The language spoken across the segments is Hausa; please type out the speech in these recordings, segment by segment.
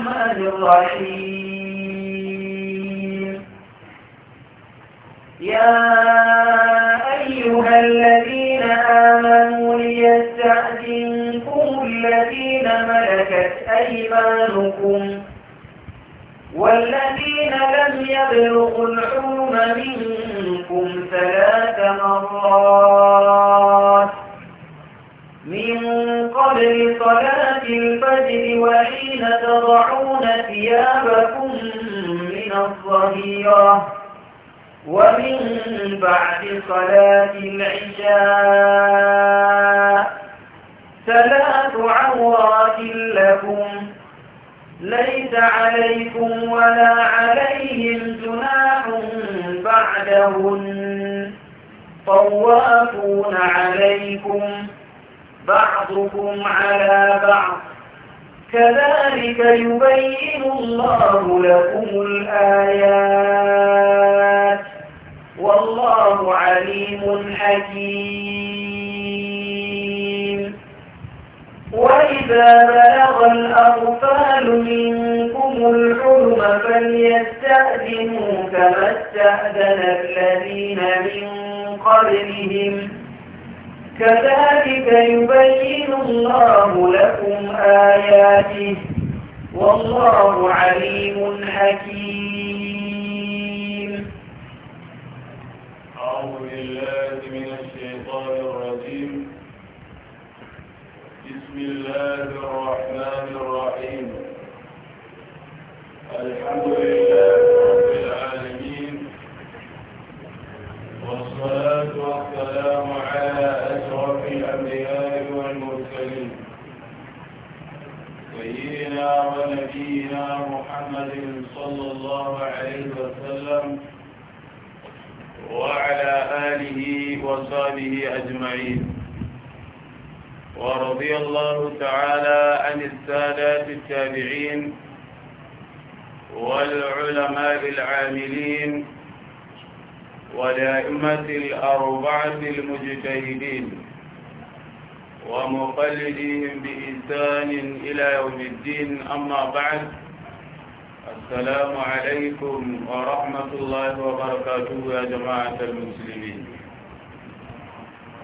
الرحمن الرحيم يا أيها الذين آمنوا ليستأذنكم الذين ملكت أيمانكم والذين لم يبلغوا الحلم منكم ثلاث مرات تضعون ثيابكم من الظهيرة ومن بعد صلاة العشاء ثلاث عورات لكم ليس عليكم ولا عليهم جناح بعدهن طوافون عليكم بعضكم على بعض كذلك يبين الله لكم الآيات والله عليم حكيم وإذا بلغ الأطفال منكم الحلم فليستأذنوا كما استأذن الذين من قبلهم كذلك يبين الله لكم آياته والله عليم حكيم أعوذ بالله من الشيطان الرجيم بسم الله الرحمن الرحيم الحمد لله والصلاة والسلام على أشرف الأنبياء والمرسلين سيدنا ونبينا محمد صلى الله عليه وسلم وعلى آله وصحبه أجمعين ورضي الله تعالى عن السادات التابعين والعلماء العاملين ولأئمة الأربعة المجتهدين ومقلديهم بإنسان إلى يوم الدين أما بعد السلام عليكم ورحمة الله وبركاته يا جماعة المسلمين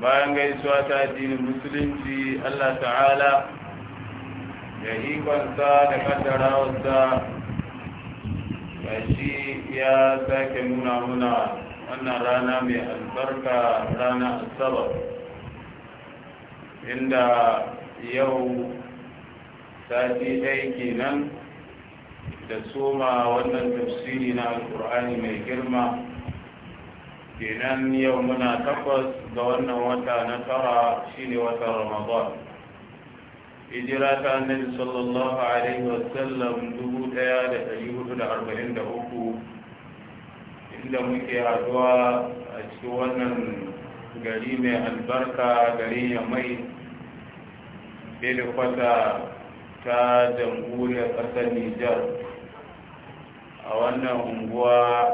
بأن gaisuwa تأتين المسلم في الله تعالى يهيب ikonsa da kaddarawarsa ga يا ya هنا, هنا. wannan rana mai albarka rana asabar inda yau sati ɗaya kenan da soma wannan tafsiri na alkur'ani mai girma kenan yau muna takwas ga wannan wata na tara shine watan ramadan hijira ta annabi sallallahu alaihi wasallam uku. lokaci muke haduwa a cikin wannan gari mai albarka gari ya mai kwata ta jamhuriyar ƙasar nijar a wannan unguwa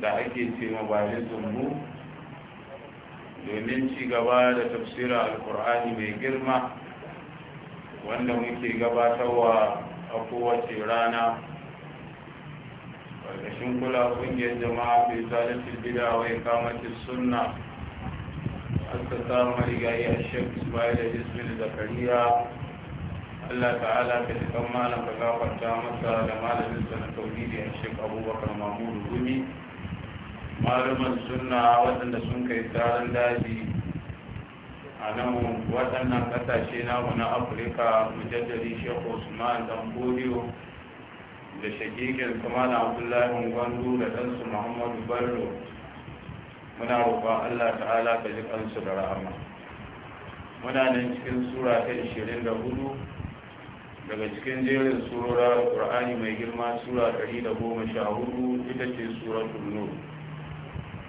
da ake ce mabalin zumbu domin ci gaba da tafsira alkur'ani mai girma wanda muke gabatarwa a kowace rana ƙarƙashin kula ƙungiyar jama'a fi zalatul bida wa iqamatis sunna aka samu marigayi a shek ismail da ismail zakariya allah ta'ala ka ji kan malam ka gafarta masa da malamin sa na tauhidi a shek abubakar mahmudu gumi malaman sunna waɗanda sun kai taron daji a nan waɗannan ƙasashe namu na afirka mujaddadi shekhu usman dan da shagigen kamar abdullahi gwandu da ɗansu muhammadu bello muna rufa allah ta'ala ka ji ƙansu da rahama muna nan cikin sura ta 24 daga cikin jerin surorar ƙur'ani mai girma sura 114 ita ce sura nur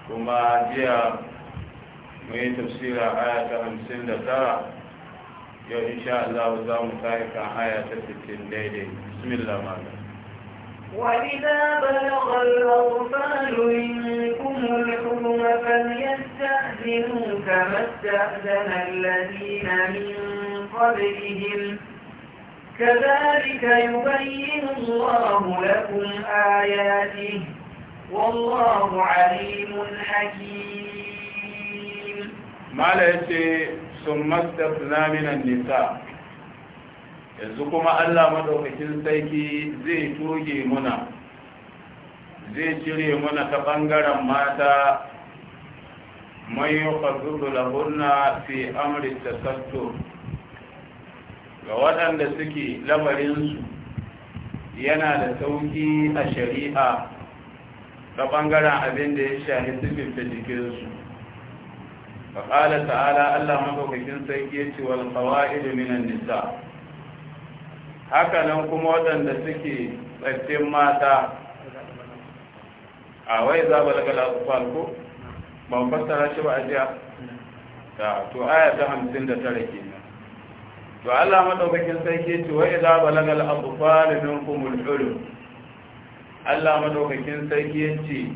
kuma jiya mai tafsira aya ta 59 yau insha Allah za mu tafi kan aya ta 60 daidai bismillah malam وإذا بلغ الأطفال منكم الحكم فليستأذنوا كما استأذن الذين من قبلهم كذلك يبين الله لكم آياته والله عليم حكيم ما ثم استثنى من النساء yanzu kuma allah madaukakin sarki zai toge muna zai cire muna ta ɓangaren mata mai yi lahunna fi amri tasattur ga waɗanda suke su yana da sauki a shari'a ta ɓangaren abin da ya shahi sififta jikinsu faƙala ta'ala allah madaukakin sarki ya ce wal ƙawa'id minan nisa' haka nan kuma waɗanda suke tsarkin mata a wai za ba daga lafafan ko ban fassara shi ba a jiya ta to aya ta hamsin da tara ke nan to allah maɗaukakin sarki ce wai za ba daga lafafan min kuma hulun allah maɗaukakin sarki ya ce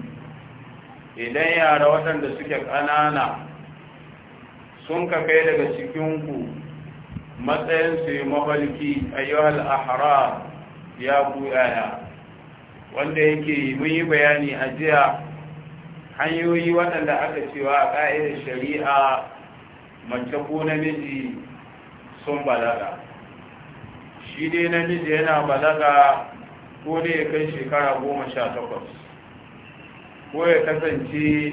idan yara waɗanda suke ƙanana sun ka kai daga cikinku matsayin su mafarki ayyuhal ahra ya ku yaya wanda yake mun yi bayani a jiya hanyoyi waɗanda aka cewa a ƙa'idar shari'a mace ko namiji sun balaga shi dai namiji yana balaga ko ne ya kai shekara goma sha takwas ko ya kasance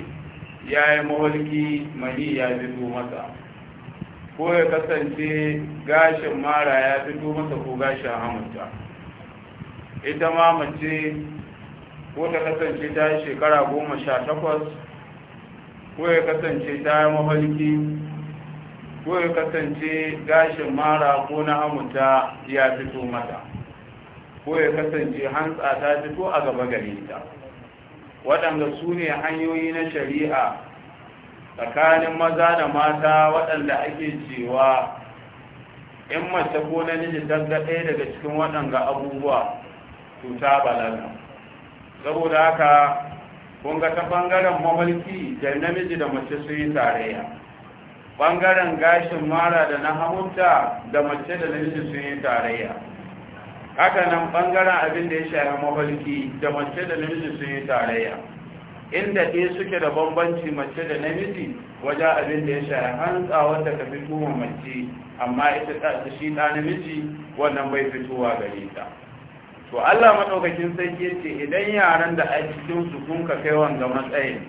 ya yi mawalki mani ya fito masa ko ya kasance gashin mara ya fito masa ko gashin hamunta ita ma mace ko ta kasance ta yi shekara goma sha takwas ko ya kasance ta yi mafarki ko ya kasance gashin mara ko na hamunta ya fito mata ko ya kasance hantsa ta fito a gaba gare ta waɗanda su ne hanyoyi na shari'a tsakanin maza da mata waɗanda ake cewa in mace ko na ta danga ɗaya daga cikin waɗanga abubuwa to ta balaga saboda haka kun ga ta ɓangaren mamalki da namiji da mace su yi tarayya ɓangaren gashin mara da na hamunta da mace da namiji su yi tarayya haka nan ɓangaren abin da ya shafi mamalki da mace da namiji su yi tarayya inda ɗaya suke da bambanci mace da namiji wajen abin da ya shaya hantsa wanda ka fi wa mace amma ita ta shi ɗa namiji wannan bai fitowa gare ta to Allah madaukakin sarki yace idan yaran da a cikin su kun ka kai wanda matsayin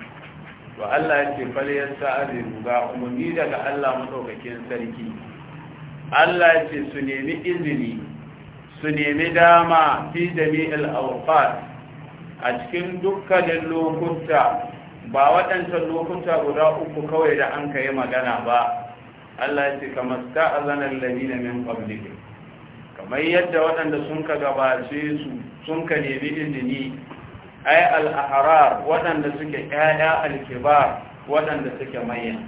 to Allah ya ce fal yasta'zinu ga ummi daga Allah madaukakin sarki Allah ya ce su nemi izini su nemi dama fi jami'il awqat a cikin dukkanin lokuta ba waɗancan lokuta guda uku kawai da an kai magana ba Allah ce kamar ta'azanar lalina min qablihi kamar yadda waɗanda sun ka gabace su sun ka nemi izini ay al-ahrar waɗanda suke ƴaƴa al-kibar waɗanda suke manyan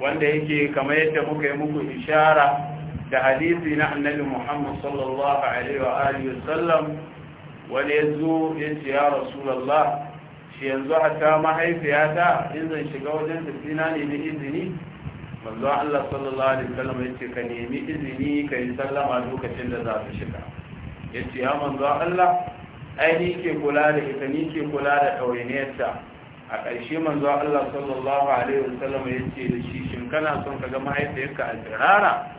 wanda yake kamar yadda muka yi muku ishara da hadisi na annabi Muhammad sallallahu alaihi wa alihi wasallam wani ya zo ya ce ya rasulallah shi yanzu hatta mahaifiyata in zan shiga wajen tafina ne nemi izini manzo Allah sallallahu alaihi wasallam ya ce ka nemi izini ka yi sallama lokacin da za ka shiga ya ce ya manzo Allah ai ni ke kula da ita ni ke kula da ɗawainiyarta a ƙarshe manzo Allah sallallahu alaihi wasallam ya ce da shi shin kana son ka ga mahaifiyarka a tsirara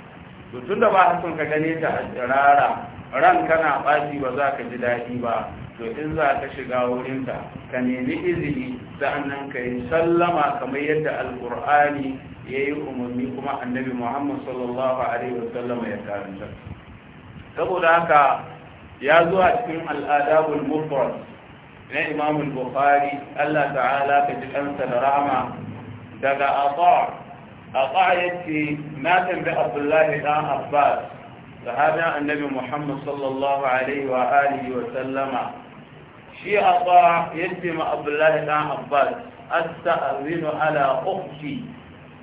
to tunda ba son ka gane ta a tsirara ran kana ɓaci ba za ka ji daɗi ba to in za ka shiga wurinta ka nemi izini sa'annan ka yi sallama kamar yadda alƙur'ani ya yi umarni kuma annabi muhammad sallallahu alaihi Sallama ya karanta saboda haka ya zo a cikin al'adabul mufrad na imam bukhari allah ta'ala ka ji ɗansa da rahama daga ata ata yace na tambayi abdullahi ɗan abbas sahabin annabi muhammad sallallahu alaihi wa alihi wa sallama shi a aba yace ma abdullahi dan abbas asta'zinu ala ukhti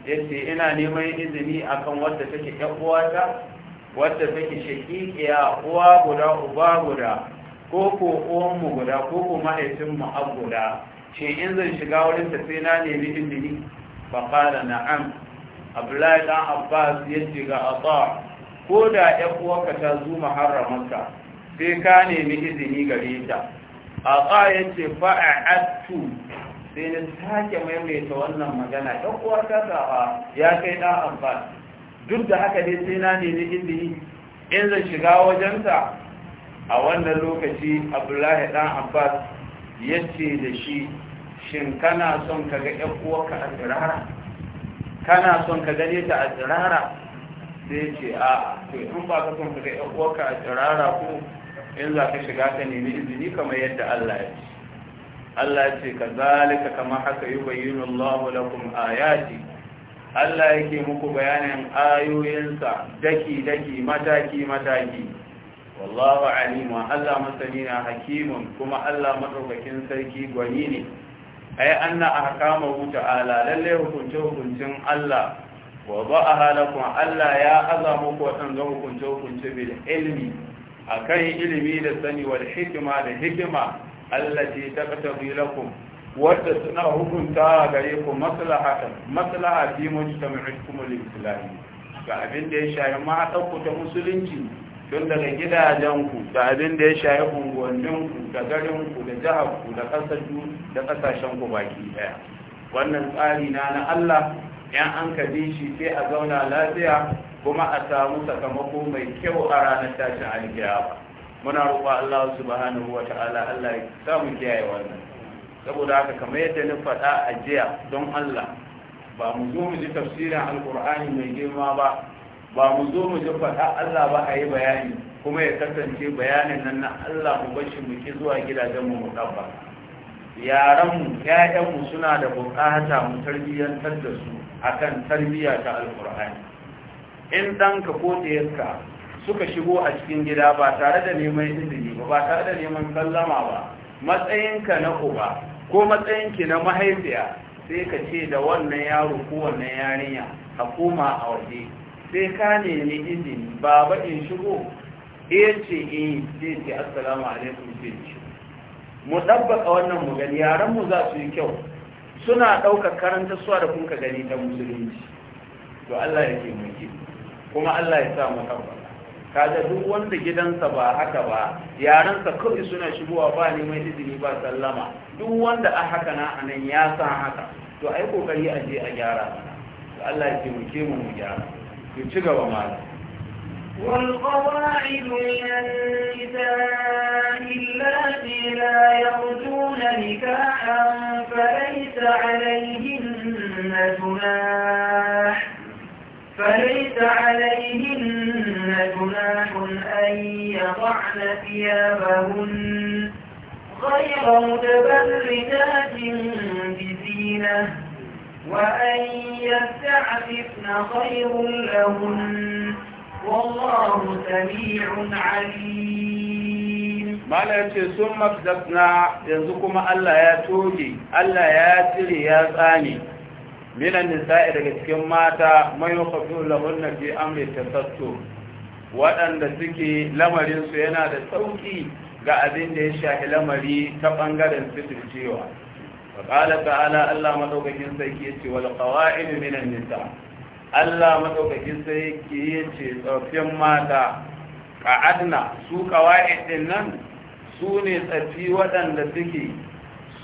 yace ina neman izini akan wadda take yan uwata wadda take shakikiya uwa guda uba guda ko ko uwan guda ko ko mahaifin mu guda shi in zan shiga wurin ta sai na nemi izini fa qala na'am abdullahi dan abbas yace ga ata ko da ‘yan ta zo maharramanka sai ka nemi izini gare ta a ƙayan ce fa'a fa'a'attu sai na sake maimaita wannan magana ‘yan uwanka ta ya kai ɗan amfani duk da haka dai sai na nemi izini in zan shiga wajenta a wannan lokaci abdullahi ɗan abbas ya ce da shi shin kana son ka ga ‘yan uwanka a tsirara kana son ka gane ta a tsirara sai ce a to in ba ka son ka yan uwarka a tsirara ko in za ka shiga ka nemi izini kamar yadda Allah ya ce Allah ya ce kazalika kama haka yubayyinu Allah lakum ayati Allah yake muku bayanin ayoyinsa daki daki mataki mataki wallahu alim wa Allah masani na hakimun kuma Allah madaukakin sarki gwani ne ai anna ahkamu ta'ala lalle hukunce hukuncin Allah wa a lakum Allah ya aza muku waɗanda hukunce hukunce bil ilmi akan ilimi da sani wal hikima da hikima allati taqtabi lakum wadda suna hukunta gare ku maslahatan maslaha fi mujtama'ikum al-islami ga abin da ya shayi matan ta musulunci tun daga gidajenku. da abin da ya shayi unguwanninku da garinku da jihar ku da ƙasashenku baki daya wannan tsari na na Allah yan an ka shi sai a zauna lafiya kuma a samu sakamako mai kyau a ranar tashin alkiyama muna roƙo Allah subhanahu wa ta'ala Allah ya samu kiyaye wannan saboda haka kamar yadda na faɗa a jiya don Allah ba mu zo mu ji tafsirin alkur'ani mai girma ba ba mu zo mu ji faɗa Allah ba a yi bayani kuma ya kasance bayanin nan na Allah mu bashi mu ki zuwa gidajen mu mu ɗabba yaran mu suna da buƙata mu tarbiyyantar da su akan tarbiyya ta alkur'ani in ɗanka ko ɗayarka suka shigo a cikin gida ba tare da neman izini ba ba tare da neman sallama ba matsayinka na uba ko matsayinki na mahaifiya sai ka ce da wannan yaro ko wannan yarinya a koma a waje sai ka nemi izini baba in shigo eh ce eh sai ce assalamu alaikum sai mu dabbaka wannan mu gani yaran mu za su yi kyau suna ɗaukar karanta suwa da kuka gani ta musulunci to Allah ya ke mulki kuma Allah ya sa mu kaga duk wanda gidansa ba haka ba yaransa kawai suna shigowa ba neman izini ba sallama duk wanda a haka na a nan ya san haka to ai kokari a je a gyara mana to Allah ya ke mulki mu mu gyara to ci gaba malam والقواعد من النساء اللاتي لا يرجون نكاحا فليس عليهن جناح فليس عليهن جناح أن يضعن ثيابهن غير متبرجات بزينة وأن يستعففن خير لهن والله سميع عليم ما لا يتي ثم كذبنا Allah ya يتوجي ya tsane. يا ثاني من النساء لكتكم ماتا ما يخفون لهن في أمر التفتو waɗanda suke lamarinsu yana da sauƙi ga abin da ya shafi lamari ta ɓangaren suturcewa. Faƙala ta'ala Allah maɗaukakin sarki ya ce wal qawa'id minan nisa' Allah madaukakin sai ke ce tsoffin mata a ka'adna su kawai din nan su ne tsafi waɗanda suke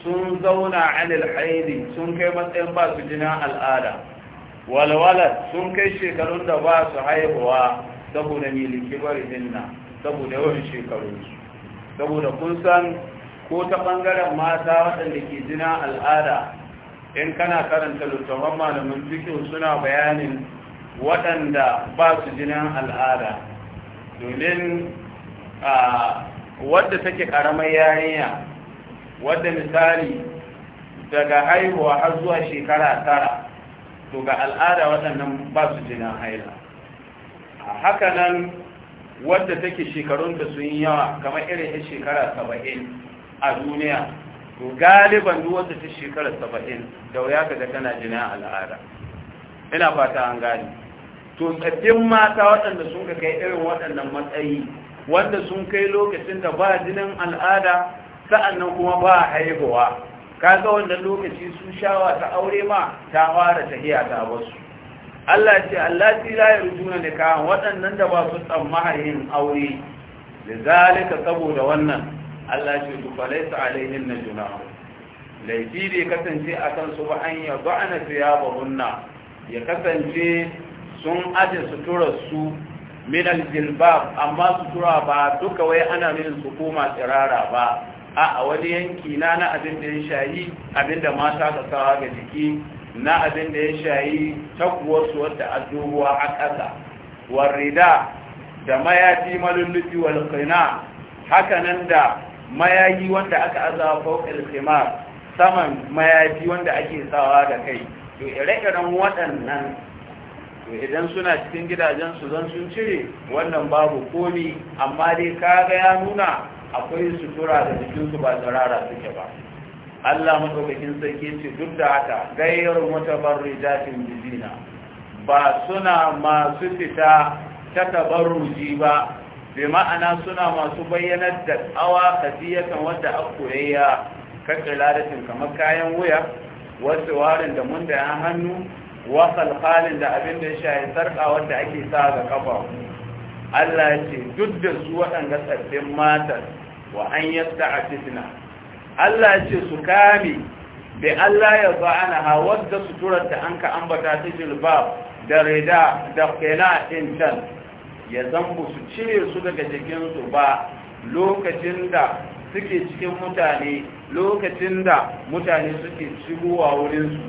sun zauna anil haidi sun kai matsayin ba su jina al'ada walwalar sun kai shekarun da ba su haihuwa saboda miliki bari dinna saboda yawan shekaru. saboda kun san ko ta ɓangaren mata waɗanda ke jina al'ada in kana karanta littafan malamin fikihu suna bayanin waɗanda ba su jinin al'ada domin wadda take karamar yarinya wadda misali daga haihuwa har zuwa shekara tara to ga al'ada waɗannan ba su jinin haila haka nan wadda take shekarunta sun yawa kamar irin shekara saba'in a duniya galiban duk wanda ta shekarar saba'in da wuya kaga tana jina al'ada ina fata an gani. to tsaddin mata waɗanda sun ka kai irin waɗannan matsayi wanda sun kai lokacin da ba jinin al'ada sa'annan kuma ba haihuwa kaga wannan lokaci su shawa ta aure ma ta fara tahiya ta wasu Allah ce Allah ti la yarjuna nikahan waɗannan da ba su tsammahin aure lizalika saboda wannan Allah ce su falaisa alaihin na juna laifi da ya kasance akan su ba an yi ba'ana fiya ba hunna ya kasance sun aje suturarsu su min aljilbab amma sutura ba duka wai ana min su koma tsirara ba a a wani yanki na na abin da ya shayi abin da mata ka sawa ga jiki na abin da ya shayi takuwarsu wadda wata duhuwa a ƙasa warrida da mayafi malullufi walƙina haka nan da mayayi wanda aka aza fawqil khimar saman mayayi wanda ake sawa da kai to ire-iren waɗannan to idan suna cikin gidajen su zan sun cire wannan babu komi amma dai kaga ya nuna akwai sutura da jikinsu ba tsirara suke ba Allah madaukakin sarki ce duk da haka gayyar mutabarrijatin jizina ba suna masu fita ta ruji ba bi ma'ana suna masu bayyanar da tsawa kadiyatan wadda akoyayya kakiladatin kamar kayan wuya wasu warin da mun da yan hannu wasal halin da abin da ya sarka sarƙa wadda ake sa ga kafa Allah ce duk da su waɗanda tsaffin matan wa an yasta a fitina Allah ce su kame da Allah ya zo ana hawar da suturar da an ka ambata ta jilbab da reda da kena ɗin ya zan su cire su daga jikinsu ba lokacin da suke cikin mutane lokacin da mutane suke shigowa wurinsu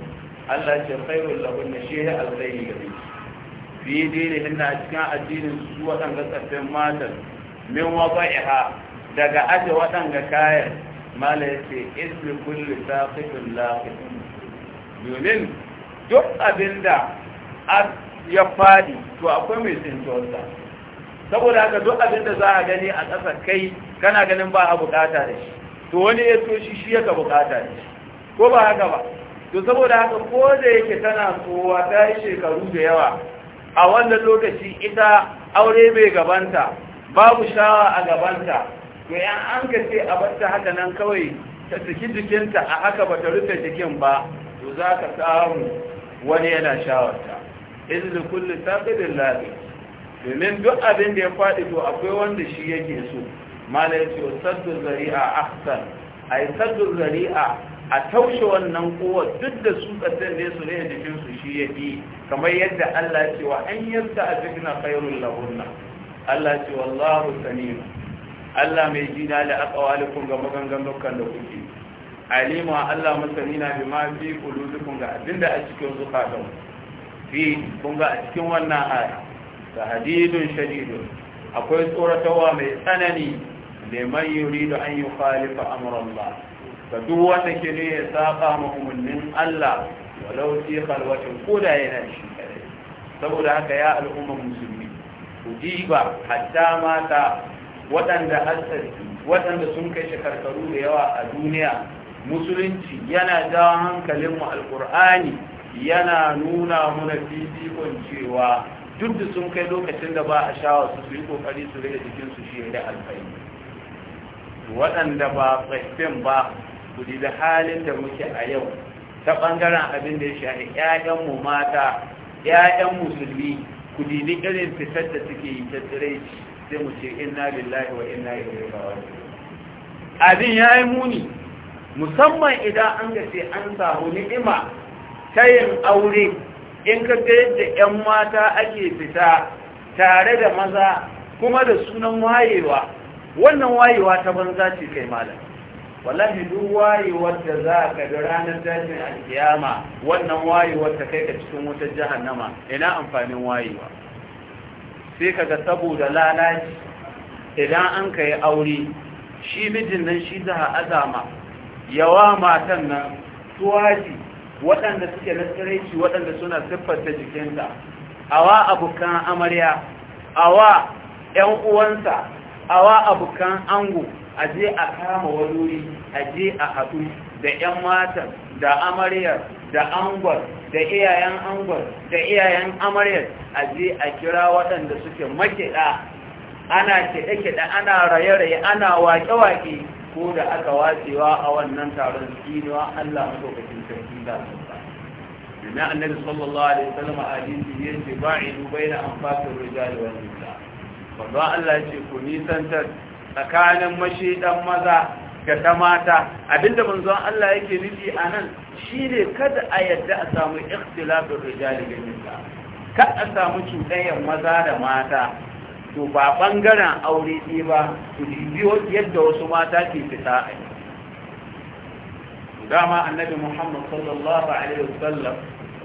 Allah ce khairul lahun na shehe alkhairi gare Fiye fi dinihin na cikin addinin su waɗanda tsaffin matan min waba'iha daga aje waɗanda kayan mala ya ce isli kulli saqifin laqif domin duk abinda ya fadi to akwai mai tsintuwarsa saboda haka duk abin da za a gani a ƙasar kai kana ganin ba a bukata da shi to wani ya so shi shi yaka bukata da shi ko ba haka ba to saboda haka ko da yake tana kowa ta yi shekaru da yawa a wannan lokaci ita aure mai gabanta babu shawa a gabanta to yan an ka ce a bata haka nan kawai ta saki jikinta a haka ba ta rufe jikin ba to za ka samu wani yana shawarta Izinin kullum ta fi domin duk abin da ya faɗi to akwai wanda shi yake so mala ya ce wa saddu zari'a a ahsan a yi saddu zari'a a taushe wannan kowa duk da su ƙasar ne su ne jikinsu shi ya fi kamar yadda Allah ya ce wa an yarda a jikina kairun lahunna Allah ya ce wallahu samiu Allah mai jina da kun ga magangan dukkan da kuke alima Allah masanina bima fi qulubikum ga abinda a cikin zukatanku fi kun ga a cikin wannan aya tahdidun shadidun akwai tsoratawa mai tsanani liman yuridu an anyi amra Allah ga duk wanda ke ne ya saƙa ma Allah walau fi khalwatin koda yana shi kare saboda haka ya al'umma musulmi ku diba hatta mata waɗanda hasari waɗanda sun kai shekarkaru da yawa a duniya musulunci yana jawo hankalinmu alkur'ani yana nuna mana fifikon cewa duk da sun kai lokacin da ba a shawa su su yi kokari su rage jikinsu shi da alfahari. waɗanda ba tsaffin ba ku da halin da muke a yau ta ɓangaren abin da ya shafi mu mata ƴaƴan musulmi ku ni irin fitar da suke yi ta tsirai sai mu ce inna lillahi wa inna ilaihi raji'un abin yayi muni musamman idan an ga sai an samu ni'ima ta yin aure in ka ga yadda 'yan mata ake fita tare da maza kuma da sunan wayewa wannan wayewa ta banza ce kai malam wallahi duk wayewar da za ka ga ranar dajin alkiyama wannan wayewar ta kai ka cikin wutar jahannama ina amfanin wayewa sai ka ga saboda lalaci idan an ka aure shi mijin nan shi za a azama yawa matan nan tuwaji waɗanda suke na tsiraici waɗanda suna siffarta jikinta awa abokan amarya awa ‘yan uwansa wa abokan ango a je a kama waluri, a je a haɗu da ‘yan matan da amaryar da angon da iyayen angon da iyayen amaryar a je a kira waɗanda suke makiɗa ana kiɗe-kiɗe ana raye-raye ana waƙe-waƙe ko da aka wacewa a wannan taron tsinewa Allah madaukakin sarki da su Ina na annabi sallallahu alaihi wasallam a hadisi yace ba'idu baina anfaqir rijal wal nisa wanda Allah ya ce ku nisantar tsakanin mashidan maza da ta mata abinda manzon Allah yake nufi anan shine kada a yadda a samu ikhtilafur rijal wal nisa ka a samu cuɗayyar maza da mata to ba ɓangaren aure ne ba ku biyo yadda wasu mata ke fita a yi dama annabi muhammad sallallahu alaihi wasallam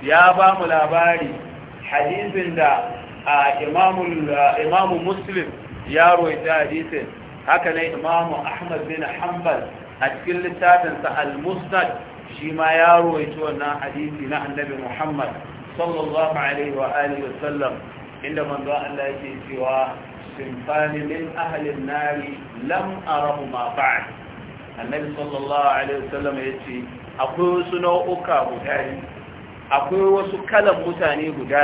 ya ba mu labari hadisin da a imamu muslim ya roita hadisin haka ne imamu ahmad bin hanbal a cikin littafinsa al-musnad shi ma ya roita wannan hadisi na annabi muhammad sallallahu alaihi wa alihi wasallam inda manzo Allah yake cewa sinfani min ahli nari lam arahu ma ba'd annabi sallallahu alaihi wasallam yace akwai wasu nau'uka guda akwai wasu kalan mutane guda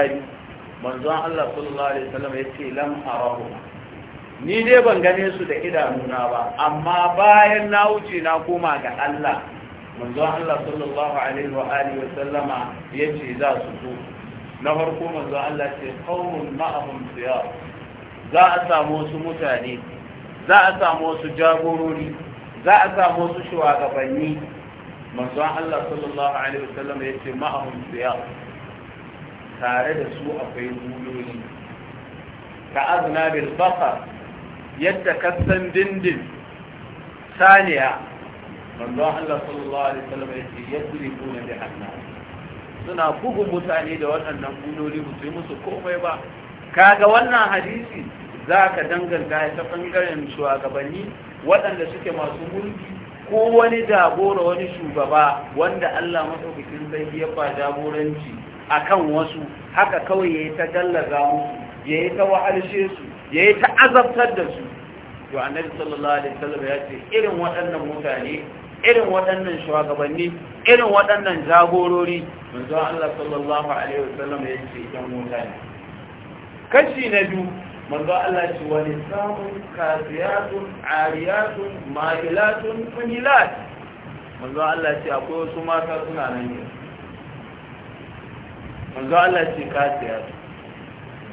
manzo Allah sallallahu alaihi wasallam yace lam arahu ni dai ban gane su da idanuna ba amma bayan na wuce na koma ga Allah manzo Allah sallallahu alaihi wa alihi wasallama yace za su zo na farko manzo Allah ce qaumun ma'ahum siyar za a samu wasu mutane za a samu wasu jagorori za a samu wasu shuwagabanni. manzo Allah sallallahu alaihi wasallam ya ce ma'ahum siyar tare da su akwai buloli ka azna bil baqar yadda kasan dindin saniya manzo Allah sallallahu alaihi wasallam ya ce yadribuna bi hannahu suna bugun mutane da waɗannan buloli ba su yi musu komai ba kaga wannan hadisi za ka danganta ta ɓangaren shugabanni waɗanda suke masu mulki ko wani jagora wani shugaba wanda Allah matsaukakin zai ya ba jagoranci a kan wasu haka kawai ya yi ta gallaza musu ya yi ta wahalshe su ya yi ta azabtar da su to sallallahu alaihi wasallam ya ce irin waɗannan mutane irin waɗannan shugabanni irin waɗannan jagorori manzo Allah sallallahu alaihi wasallam ya ce idan mutane ne kashi na biyu manzo Allah ce wani samun kafiyatun ariyatun ma'ilatun funilat manzo Allah ce akwai wasu mata suna nan yau manzo Allah ce kafiyatun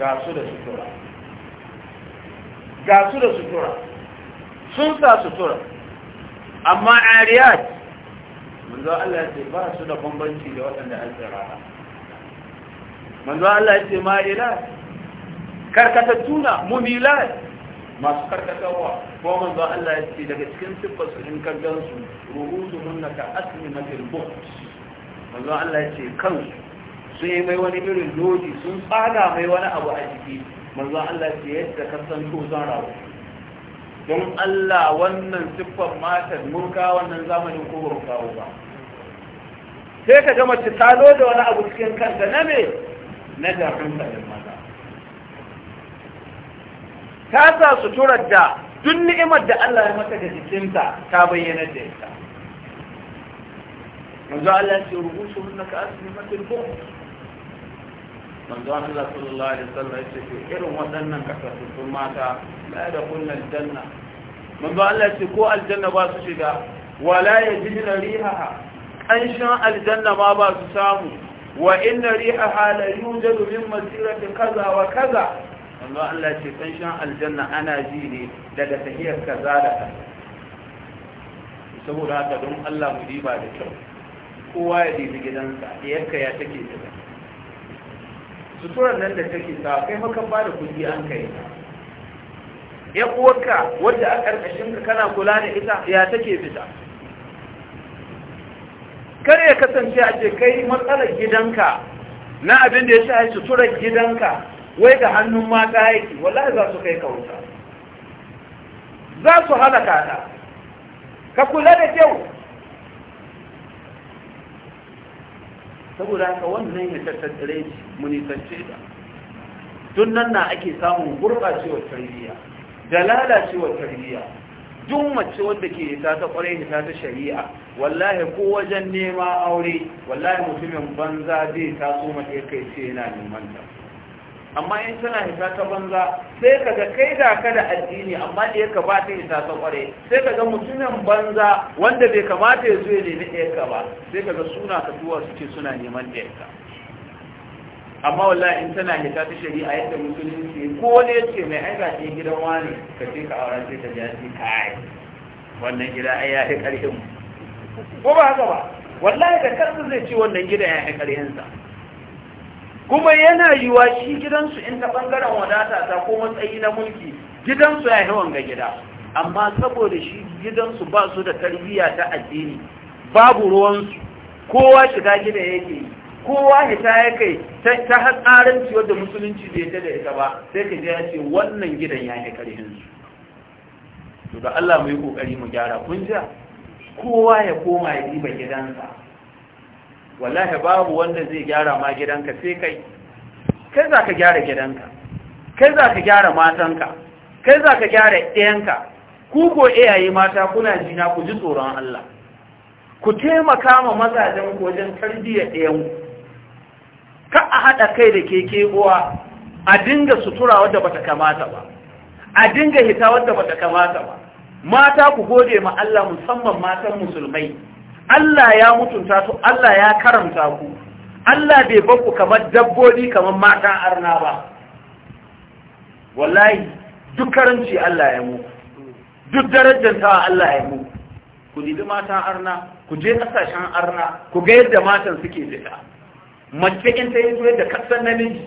ga su da sutura ga su da sutura sun sa sutura amma a ariyat manzo Allah ya ce ba su da bambanci da waɗanda an tsirara manzo Allah ya ce ma'ila karkatattuna mumila masu karkatarwa ko manzo Allah ya ce daga cikin siffar su in kan gansu ruhusuhunna ka aslimatil buht manzo Allah ya ce kansu sun yi mai wani irin doji sun tsada mai wani abu a jiki manzo Allah ya ce yadda ka san to zan rawu don Allah wannan siffar matar mun kawo wannan zamanin ko ba kawo ba sai ka ga mace ta zo da wani abu cikin kanta na me na jafin sadin mata ta sa suturar da duk ni'imar da Allah ya mata da jikinta ta bayyana da ita yanzu Allah ya ce rubutu na ka asibin matar manzo Allah sallallahu alaihi wasallam ya ce irin waɗannan kasassun mata la da kullal janna manzo Allah ya ce ko aljanna ba su shiga wala yajidna rihaha kanshin aljanna ma ba su samu wa inna rihaha la yujadu min masirati kaza wa kaza manzo Allah ya ce kanshin aljanna ana ji ne daga tahiyar kaza da kaza saboda haka don Allah mu diba da kyau kowa ya dibi gidansa iyarka ya take daga suturar nan da take sa kai ma kan bada kuɗi an kai ya uwarka wadda a ƙarƙashin ka kana kula da ita ya take fita kar ya kasance a ce kai matsalar gidanka na abin da ya shi suturar gidanka wai ga hannun mata yake wallahi za su kai ka wuta za su halaka ta ka kula da kyau saboda haka wannan ya tattare mu da tun nan na ake samun gurɓacewar tarbiyya da lalacewar tarbiyya duk mace wanda ke ta ta kware da ta ta shari'a wallahi ko wajen nema aure wallahi mutumin banza zai taso mata kai ce yana neman ta amma in tana hita ta banza sai ka ga kai da ka da addini amma da yaka ba ta hita ta kware sai ka ga mutumin banza wanda bai kamata ya zo ya nemi ɗayarka ba sai ka ga suna ka su suke suna neman ɗayarka amma wallahi in tana hita ta shari'a yadda musulunci ko ne ce mai aika ce gidan wani ka ce ka auren ce ta ja kai wannan gida ai ya fi ƙarfin ko ba haka ba wallahi da kansa zai ce wannan gida ya yi ƙarfinsa kuma yana yiwa shi gidansu in ta ɓangaren wadata ta ko matsayi na mulki gidansu ya yawan ga gida amma saboda shi gidansu ba su da tarbiyya ta addini babu ruwansu kowa shiga gida yake yi kowa hita ya kai ta hatsarin ciwo da musulunci zai ta da ita ba sai ka ya ce wannan gidan ya yi karhin su to da Allah mu yi kokari mu gyara kun ja kowa ya koma ya diba gidansa wallahi babu wanda zai gyara ma gidanka sai kai kai za ka gyara gidanka kai za ka gyara matanka kai za ka gyara ɗayanka ku ko iyaye mata kuna jina ku ji tsoron Allah ku taimaka ma mazajen wajen tarbiyyar ɗayanku ka a haɗa kai da keke uwa a dinga sutura wadda bata kamata ba a dinga hita wadda bata kamata ba mata ku gode ma Allah musamman matan musulmai Allah ya mutunta su Allah ya karanta ku Allah bai ku kamar dabbobi kamar mata arna ba wallahi duk karanci Allah ya mu duk darajantawa Allah ya mu ku didi mata arna ku je kasashen arna ku ga yadda matan suke fita mace in ta yi zuwa da kasan namiji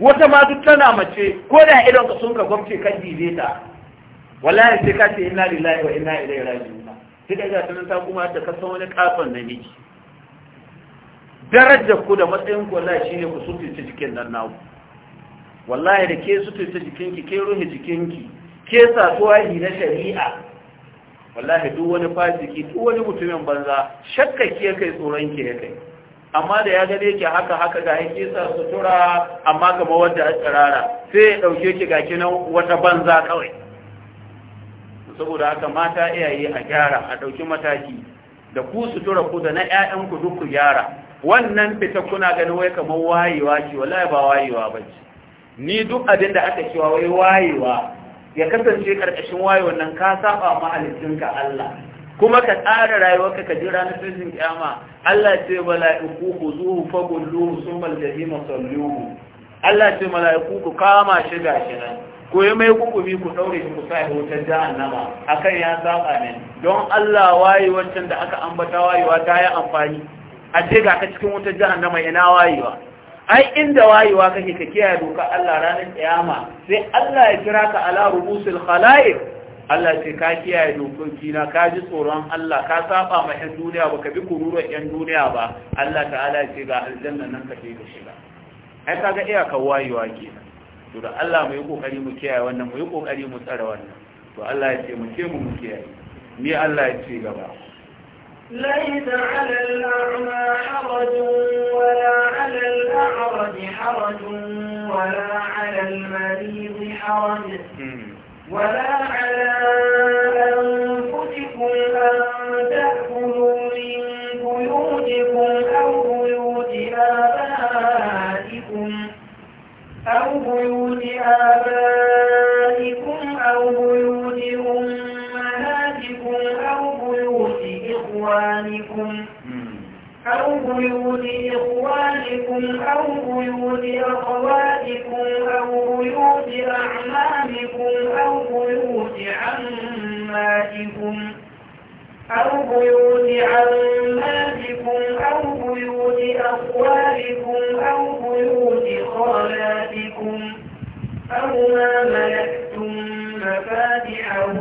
wata ma duk tana mace ko da idan ka sun ka gwamce kan dibe ta ya sai ka ce inna lillahi wa inna ilaihi raji'un sai ka ga ta kuma ta kasan wani kafan namiji darajar ku da matsayin ku wallahi shine ku sutunta jikin nan nawo wallahi da ke sutunta jikinki ke ruhi jikinki ke sa yi na shari'a wallahi duk wani fasiki duk wani mutumin banza shakka ke kai tsoron ki ya kai amma da ya gane ki haka haka ga ke sa sutura amma kamar wanda a tsirara sai ya dauke ki ga kinan wata banza kawai saboda haka mata iyaye a gyara a ɗauki mataki da ku sutura ku da na 'ya'yanku duk ku gyara wannan fita kuna ganin wai kamar wayewa ce wallahi ba wayewa ba ce ni duk abin da aka cewa wai wayewa ya kasance karkashin wayewa nan ka saba ka Allah kuma ka tsara rayuwarka ka ji na tsirrin kiyama Allah ce mala'iku khuzuhu faqulluhu fagullu al-jahima salluhu Allah ce mala'iku ku kama shi gashi nan ko mai kukumi ku daure shi ku sa wutar jahannama akan ya saba ne don Allah waye wancan da aka ambata wayewa ta yi amfani a ce ga ka cikin wutar jahannama ina wayewa ai inda wayewa kake ka kiyaye doka Allah ranar kiyama sai Allah ya kira ka ala rubusul khalaiq Allah ce ka kiyaye dokoki na ka ji tsoron Allah ka saba ma yan duniya ba ka bi kururuwar yan duniya ba Allah ta'ala ce ga aljanna nan ka shiga ai kaga iyakar wayewa kenan to da Allah mu yi kokari mu kiyaye wannan mu yi kokari mu tsara wannan to Allah ya ce mu ce mu mu kiyaye ni Allah ya ce gaba ليس على الأعمى حرج ولا على الأعرج حرج ولا على المريض حرج ولا على أنفسكم أن تأكلوا من بيوتكم أو بيوت آبائكم أو بيوت أمهاتكم أو بيوت إخوانكم أو بيوت إخوانكم أو بيوت أخواتكم أو بيوت أعمامكم أو بيوت عماتكم أو بيوت عماتكم أو بيوت أخوالكم أو بيوت خالاتكم أو ما ملكتم مفاتحه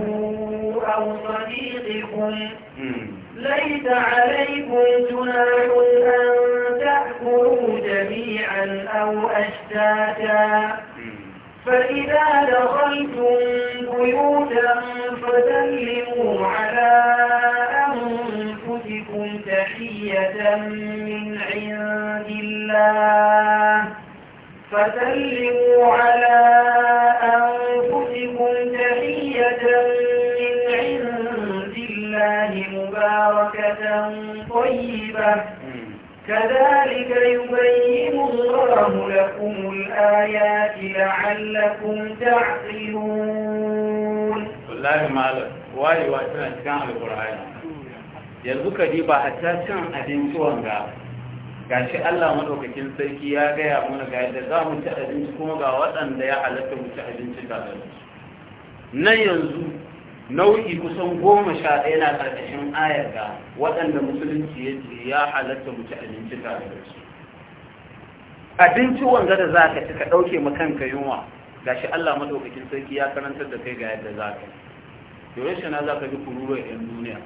أو صديقكم ليس عليكم جناح أن تأكلوا جميعا أو أشتاتا فإذا دخلتم بيوتا فسلموا على أنفسكم تحية من عند الله فسلموا على أنفسكم تحية من عند الله مباركة طيبة كذلك يبين الله لكم الآية لعلكم تعقلون والله ما لا واي واي tana cikin القران yanzu ka diba hatta cin abinci Ga gashi Allah madaukakin sarki ya gaya mana ga yadda za mu ci abinci kuma ga waɗanda ya halatta mu ci abinci da su nan yanzu nau'i kusan goma sha ɗaya na ƙarƙashin ayar ga waɗanda musulunci ya ya halatta mu ci abinci da su abinci wanda da za ka ci ka ɗauke mu kanka yunwa gashi Allah maɗaukakin sarki ya karantar da kai ga yadda za ka yi yaushe na za ka bi kururuwar 'yan duniya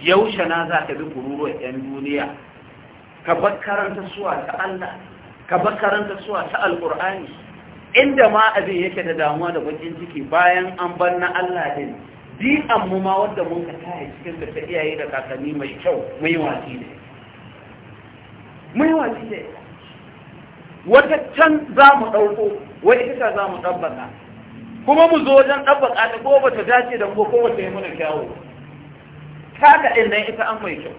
yaushe na za ka bi kururuwar 'yan duniya ka bar karanta suwa ta Allah ka bar karanta suwa ta alƙur'ani inda ma abin yake da damuwa da bakin ciki bayan an bar na Allah din bi mu ma wanda mun ka taya cikin da ta iyaye da kakanni mai kyau mai wasi ne mai wasi ne wata can za mu ɗauko wai ita za mu ɗabbaka kuma mu zo wajen ɗabbaka ta ko bata dace da ko kowace ya muna kyawu taka ɗin na ita an mai kyau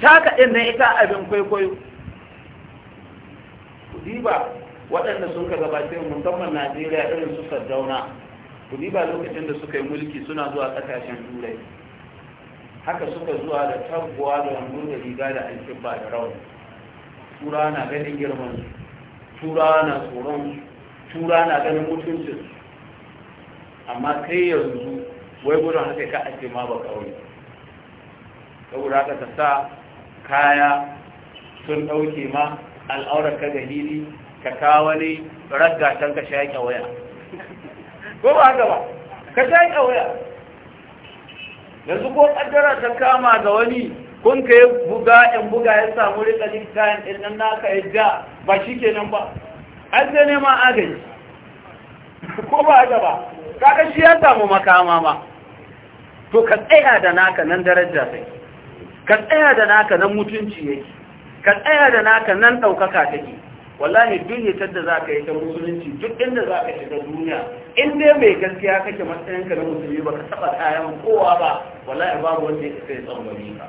taka ɗin na ita abin kwaikwayo ku diba waɗanda sun ka gabace musamman najeriya irin su sardauna ku diba lokacin da suka yi mulki suna zuwa ƙasashen turai haka suka zuwa da tabbuwa da wando da riga da alkibba da rauni tura na ganin girman tura na tsoron tura na ganin mutuncin amma kai yanzu wai gudun haka ka ake ma ba kawai saboda haka ta sa kaya sun ɗauke ma al'aurar ka gahiri ka kawo ne ragga can ka shaƙe waya ko ba haka ba ka shaƙe waya yanzu ko ƙaddara ta kama ga wani kun ka yi buga in buga ya samu rikalin kayan ɗin nan naka ya ja ba shi kenan ba an sai nema agaji ko ba haka ba Kaka shi ya samu makama ma to ka tsaya da naka nan daraja sai ka tsaya da naka nan mutunci yake ka tsaya da naka nan ɗaukaka take wallahi duniyar da za ka yi ta musulunci duk inda za ka shiga duniya in dai mai gaskiya kake matsayinka na musulmi ba ka taɓa kayan kowa ba wallahi babu wanda ya isa ya tsammani ka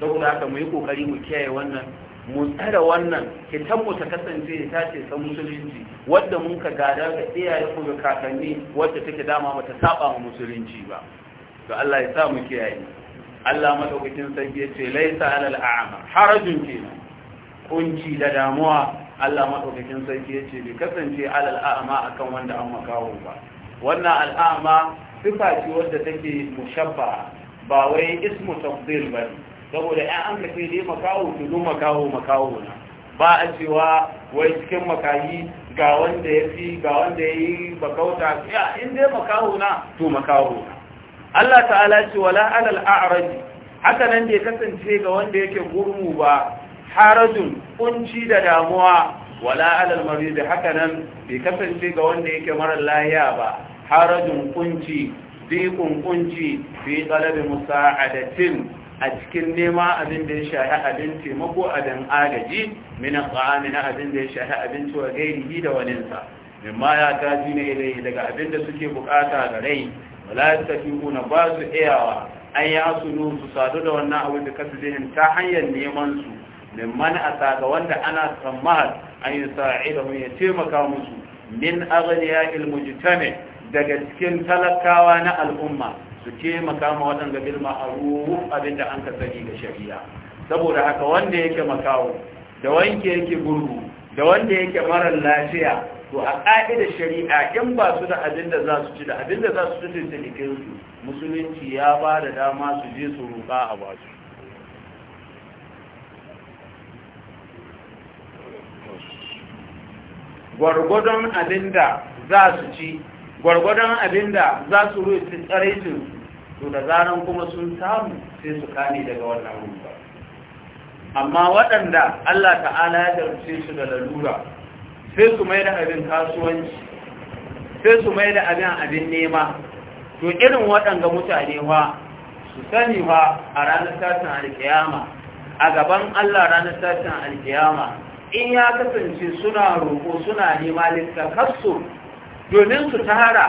saboda haka mu yi kokari mu kiyaye wannan mu tsara wannan kitan mu ta kasance ta ce ta musulunci wadda mun ka gada ga iyaye ko ga kakanni wanda take dama mata saba mu musulunci ba to Allah ya sa mu kiyaye Allah madaukakin sarki ya ce laisa alal a'ma harajun kenan kunci da damuwa Allah madaukakin sarki ya ce bai kasance alal a'ma akan wanda an makawo ba wannan al'ama sifa ce wanda take mushabba ba wai ismu tafdil bane saboda ya an kace dai makawo to dun makawo makawo na ba a cewa wai cikin makayi ga wanda ya fi ga wanda ya yi makauta ya in dai makawo na to makawo na Allah ta'ala ce wala alal a'raji haka nan da ya kasance ga wanda yake gurmu ba harajun kunci da damuwa wala alal marid haka nan bai kasance ga wanda yake mara lahiya ba harajun kunci bi kunci fi talabi musa'adatin a cikin nema abin da ya shahi abin taimako a dan agaji mina tsa'ami na abin da ya shahi abinci gairi gairihi da waninsa ma ya taji ne ilai daga abin da suke bukata ga rai wala ta fi kuna ba su iyawa an yi asulu su sadu da wannan abin da kasu zihin ta hanyar neman su min mimman a ga wanda ana tsammar an yi sa'idahu ya taimaka musu min aghniya al mujtami daga cikin talakawa na al'umma su ce makama waɗanda bil abin abinda an ka sani da shari'a saboda haka wanda yake makawo da wanke yake gurgu da wanda yake marar lafiya to a ƙa'idar shari'a in ba su da abin da za su ci da abin da za su ci da musulunci ya ba da dama su je su roƙa a basu. gwargwadon abin da za su ci gwargwadon abin da za su ruwa su to da zaran kuma sun samu sai su kame daga wannan ruwa amma waɗanda Allah ta'ala ya darce su da lalura sai su mai da abin kasuwanci sai su mai da abin abin nema to irin waɗanda mutane wa su sani wa a ranar tashin alkiyama a gaban Allah ranar tashin alkiyama in ya kasance suna roƙo suna nema littakarsu domin su tara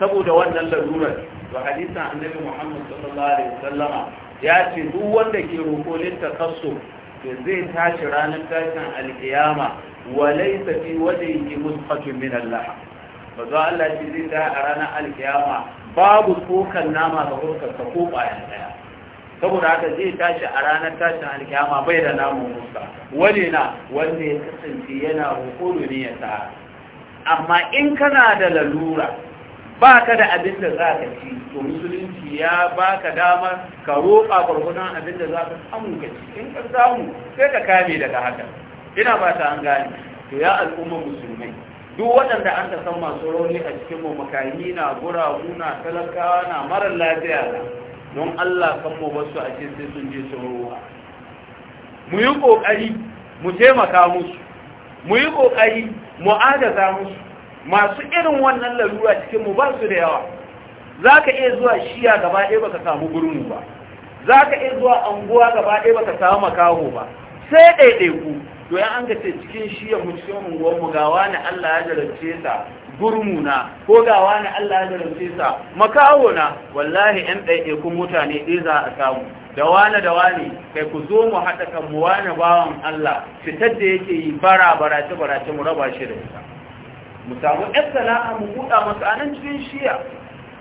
saboda wannan larurar to hadisin annabi Muhammad sallallahu alaihi wasallama ya ce duk wanda ke roƙo littakasso da zai tashi ranar tashin alkiyama wa laysa fi wajhihi musqatun min Allah ba za Allah ce zai ta a ranar alkiyama babu tsokan nama ga hurkarsa ko ƙwayar ɗaya saboda haka zai tashi a ranar tashin alkiyama bai da namun musa wani na wanda ya kasance yana hukuru ne ya ta amma in kana da lalura ba ka da abin da za ka ci to musulunci ya ba ka damar ka roƙa gwargwadon abin da za ka samu ka ci in ka samu sai ka kame daga haka ina ba ta an gane to ya al'umma musulmai duk waɗanda an ta san masu rauni a cikin mu na guragu na talakawa na marar lafiya na don Allah kan mu basu a cikin sai sun je sun mu yi ƙoƙari mu taimaka musu mu yi ƙoƙari mu'adaza musu masu irin wannan larura cikin mu ba su da yawa za ka iya zuwa shiya gaba ɗaya ba ka samu gurmu ba za ka iya zuwa anguwa gaba ɗaya ba ka samu makaho ba sai ɗaiɗaiku to ya an ga cikin shiya mu cikin unguwar mu gawa ne Allah ya jarabce ta. gurmuna ko ga wani Allah ya jarumce sa makawo na wallahi ɗan kun mutane ɗaya za a samu da wani da wani kai ku zo mu haɗa kan mu wani bawan Allah fitar da yake yi bara bara ci mu raba shi da ita mu samu ɗan sana'a mu buɗa masa anan cikin shiya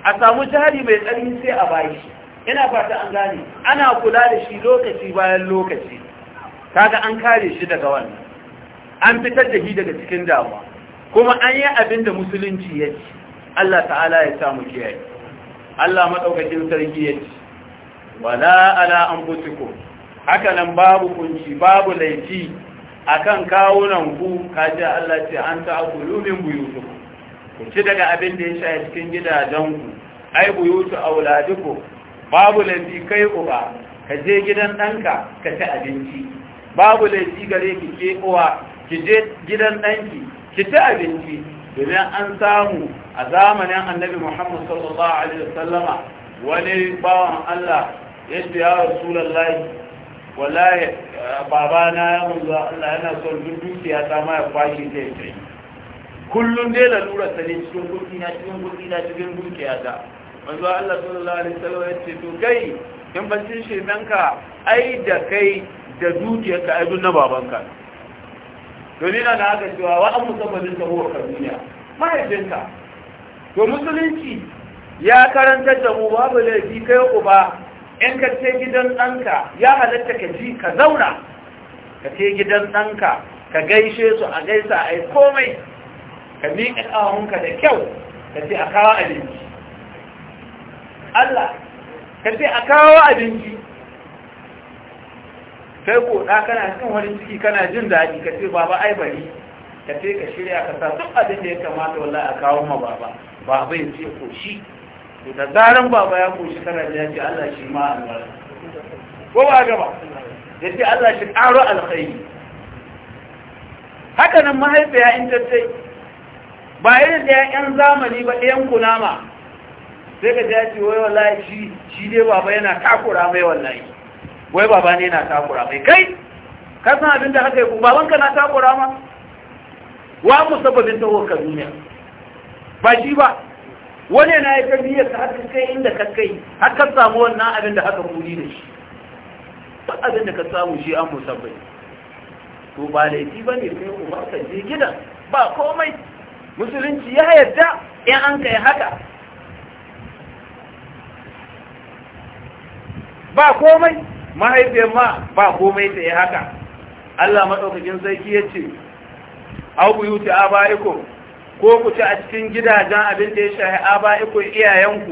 a samu jari mai tsari sai a bayi ina fata an gane ana kula da shi lokaci bayan lokaci kaga an kare shi daga wannan an fitar da shi daga cikin damuwa kuma an yi abin da musulunci ya ci, Allah ta'ala ya samu kiyaye Allah maɗaukacin sarki ya ci. wala ala an haka nan babu kunci babu laifi akan kawunan ku kaji Allah ce an ta'akulu min buyutu ku ci daga abin da ya sha cikin gidajenku ai buyutu auladukum babu laifi kai uba ka je gidan ɗanka ka ci abinci babu laifi gare ki ke uwa ki je gidan ɗanki ki abinci domin an samu a zamanin annabi muhammad sallallahu alaihi wasallama wani bawan allah ya ce ya rasulallah wallahi babana ya munzo allah yana son duk dukiya ta ma ya kwashe ta yake kullum dai lalura ta ne cikin kuɗi na cikin kuɗi na cikin dukiya ta manzo allah sallallahu alaihi wasallama ya ce to kai in bacin shedanka ai da kai da dukiyarka ai duk na babanka domin na aka cewa wa an musammanin ta huwa duniya mahaifinka to musulunci ya karanta da mu babu laifi kai uba in ka ce gidan ɗanka ya halatta ka ji ka zauna ka ce gidan ɗanka ka gaishe su a gaisa a yi komai ka miƙa ƙahunka da kyau ka ce a kawo abinci Allah ka ce a kawo abinci kai ko da kana cikin wani ciki kana jin daɗi ka ce baba ai bari ka ce ka shirya ka sa duk abin da ya kamata wallahi a kawo ma baba baba ya ce koshi to da zaran baba ya koshi kana da ya ce Allah shi ma albarka ko ba gaba ya ce Allah shi ƙaro alkhairi haka nan mahaifiya in ta ce ba irin da yan zamani ba ɗayan kunama sai ka ce ya ce wai wallahi shi dai baba yana takura mai wallahi wai baba ne na takura mai kai ka san abin da haka yi babanka na takura ma wa musabbabin taho ka duniya ba shi ba wani na yi tarbiyyar ta haka kai inda ka kai haka samu wannan abin da haka muni da shi ba abin da ka samu shi an musabbai to ba laifi ba ne sai uba ka je gida ba komai musulunci ya yarda in an kai haka ba komai mahaifiyar ma ba komai ta yi haka Allah maɗaukakin sarki ya ce abu yi ta aba'ikum ko ku ci a cikin gidajen abin da ya shahi abaikun iyayenku